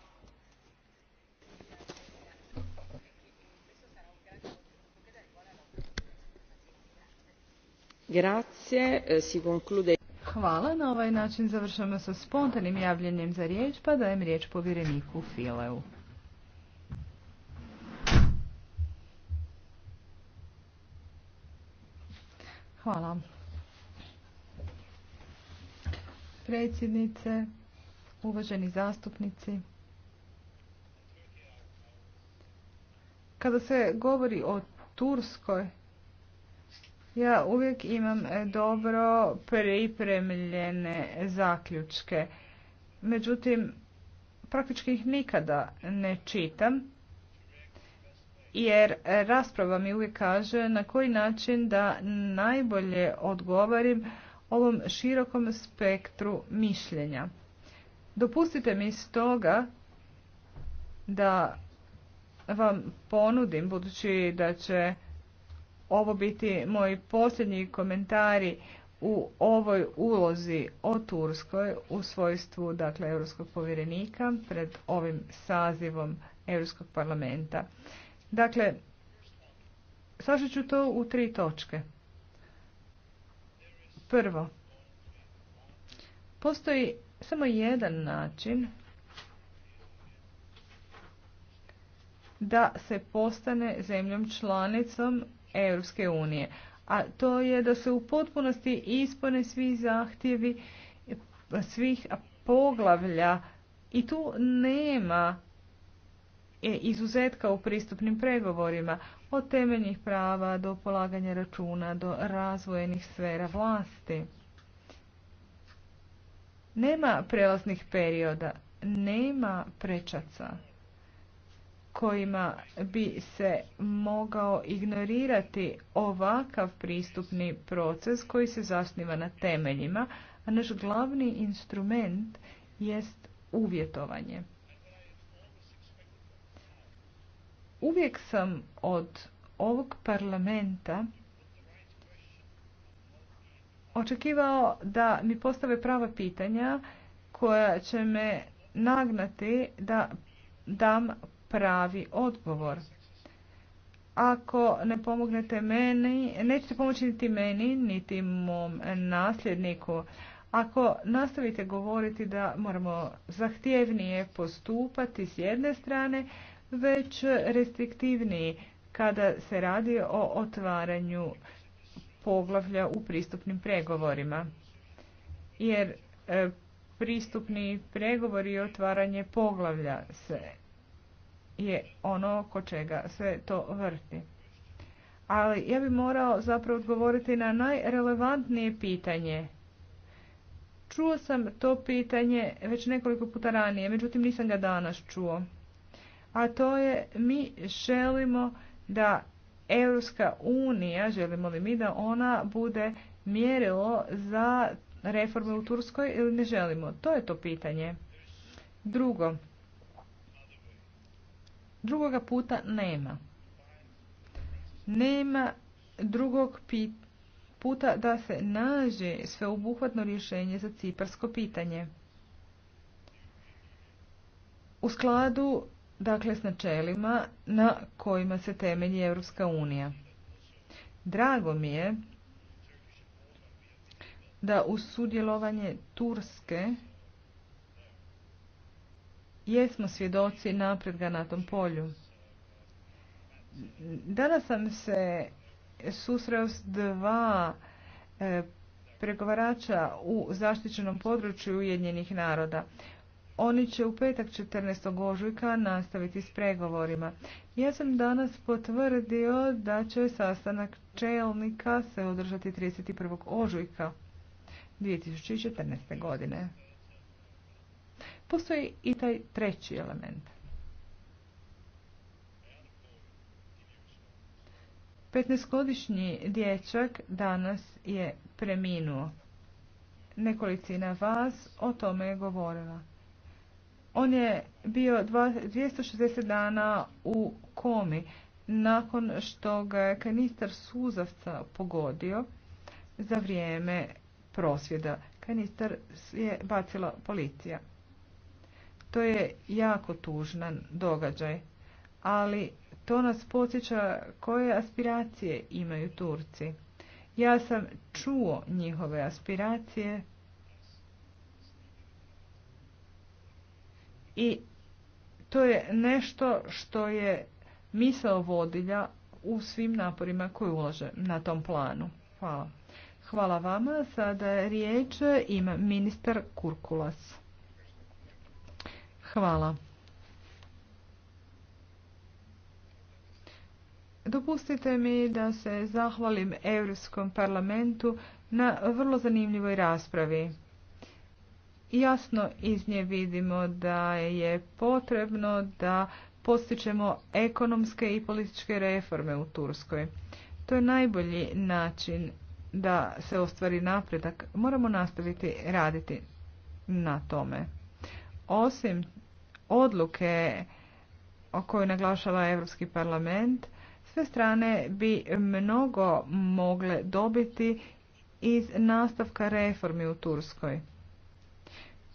Speaker 5: Grazie, eh,
Speaker 3: si conclude... Hvala. Na ovaj način završamo sa spontanim javljenjem za riječ, pa dajem riječ povjereniku Fileu. Hvala. Predsjednice, uvaženi zastupnici. Kada se govori o Turskoj, ja uvijek imam e, dobro pripremljene zaključke. Međutim, praktički ih nikada ne čitam, jer rasprava mi uvijek kaže na koji način da najbolje odgovorim ovom širokom spektru mišljenja. Dopustite mi stoga da vam ponudim, budući da će ovo biti moji posljednji komentari u ovoj ulozi o Turskoj u svojstvu dakle europskog povjerenika pred ovim sazivom Europskog parlamenta. Dakle, sažet ću to u tri točke. Prvo, postoji samo jedan način da se postane zemljom članicom Europske unije. A to je da se u potpunosti ispone svi zahtjevi svih poglavlja i tu nema e, izuzetka u pristupnim pregovorima od temeljnih prava do polaganja računa do razvojenih sfera vlasti. Nema prelaznih perioda, nema prečaca kojima bi se mogao ignorirati ovakav pristupni proces koji se zasniva na temeljima, a naš glavni instrument jest uvjetovanje. Uvijek sam od ovog parlamenta očekivao da mi postave prava pitanja koja će me nagnati da dam pravi odgovor. Ako ne pomognete meni, nećete pomoći niti meni, niti mom nasljedniku. Ako nastavite govoriti da moramo zahtjevnije postupati s jedne strane, već restriktivniji kada se radi o otvaranju poglavlja u pristupnim pregovorima. Jer e, pristupni pregovori i otvaranje poglavlja se je ono oko čega sve to vrti. Ali ja bih morao zapravo odgovoriti na najrelevantnije pitanje. Čuo sam to pitanje već nekoliko puta ranije, međutim nisam ga danas čuo. A to je mi želimo da Europska unija, želimo li mi da ona bude mjerilo za reforme u Turskoj ili ne želimo? To je to pitanje. Drugo, Drugoga puta nema. Nema drugog puta da se nađe sveobuhvatno rješenje za ciparsko pitanje. U skladu dakle s načelima na kojima se temelji Europska unija. Drago mi je da uz sudjelovanje Turske jesmo svjedoci napredga na tom polju. Danas sam se susreo s dva e, pregovarača u zaštićenom području Ujedinjenih naroda. Oni će u petak 14. ožujka nastaviti s pregovorima. Ja sam danas potvrdio da će sastanak čelnika se održati 31. ožujka 2014. godine. Postoji i taj treći element. 15-godišnji dječak danas je preminuo. Nekolicina vas o tome je govorila. On je bio 260 dana u komi nakon što ga je kanistar suzavca pogodio za vrijeme prosvjeda. Kanistar je bacila policija. To je jako tužan događaj, ali to nas podsjeća koje aspiracije imaju Turci. Ja sam čuo njihove aspiracije i to je nešto što je misao vodilja u svim naporima koje ulože na tom planu. Hvala. Hvala vama. Sada riječ ima ministar Kurkulas. Hvala. Dopustite mi da se zahvalim Europskom parlamentu na vrlo zanimljivoj raspravi. Jasno iz nje vidimo da je potrebno da postičemo ekonomske i političke reforme u Turskoj. To je najbolji način da se ostvari napredak. Moramo nastaviti raditi na tome. Osim odluke o kojoj naglašava Europski parlament, sve strane bi mnogo mogle dobiti iz nastavka reformi u Turskoj.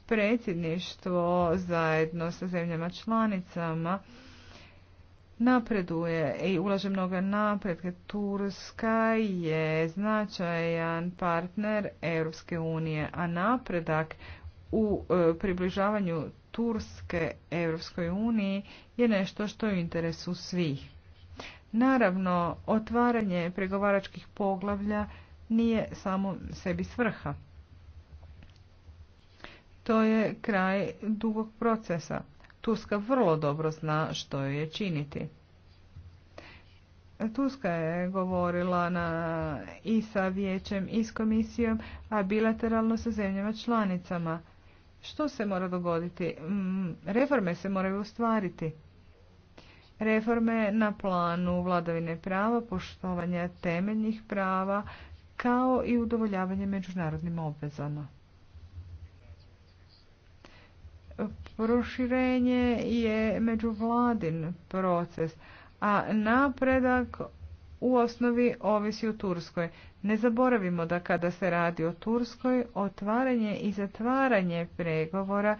Speaker 3: Predsjedništvo zajedno sa zemljama članicama napreduje i ulaže mnoga napredke. Turska je značajan partner Europske unije, a napredak u e, približavanju Turske Europskoj uniji je nešto što je u interesu svih. Naravno, otvaranje pregovaračkih poglavlja nije samo sebi svrha. To je kraj dugog procesa. Turska vrlo dobro zna što je činiti. Turska je govorila na, i sa vijećem i s komisijom, a bilateralno sa zemljama članicama. Što se mora dogoditi? Mm, reforme se moraju ostvariti. Reforme na planu vladavine prava, poštovanja temeljnih prava, kao i udovoljavanje međunarodnim obvezama. Proširenje je međuvladin proces, a napredak u osnovi ovisi u Turskoj. Ne zaboravimo da kada se radi o Turskoj, otvaranje i zatvaranje pregovora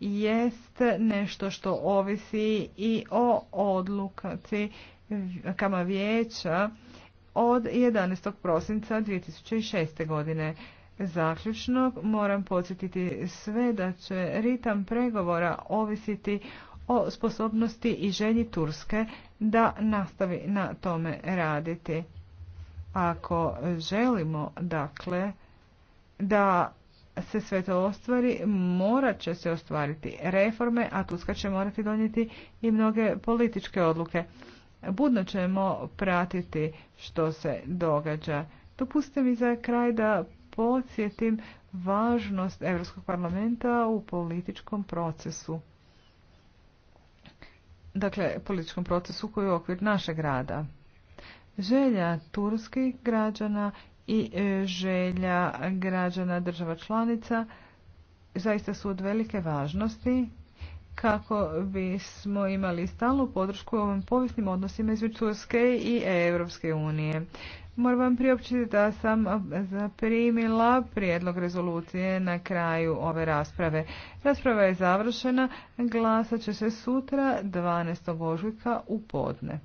Speaker 3: jest nešto što ovisi i o odlukaci kama vijeća od 11. prosinca 2006. godine. Zaključno moram podsjetiti sve da će ritam pregovora ovisiti o sposobnosti i želji Turske da nastavi na tome raditi. Ako želimo, dakle, da se sve to ostvari, morat će se ostvariti reforme, a Turska će morati donijeti i mnoge političke odluke. Budno ćemo pratiti što se događa. Dopustite mi za kraj da podsjetim važnost Europskog parlamenta u političkom procesu dakle, političkom procesu koji je okvir našeg rada. Želja turskih građana i e, želja građana država članica zaista su od velike važnosti kako bismo imali stalnu podršku ovim povijesnim odnosima između Turske i Europske unije. Moram vam priopćiti da sam zaprimila prijedlog rezolucije na kraju ove rasprave. Rasprava je završena, glasat će se sutra 12. ožujka u podne.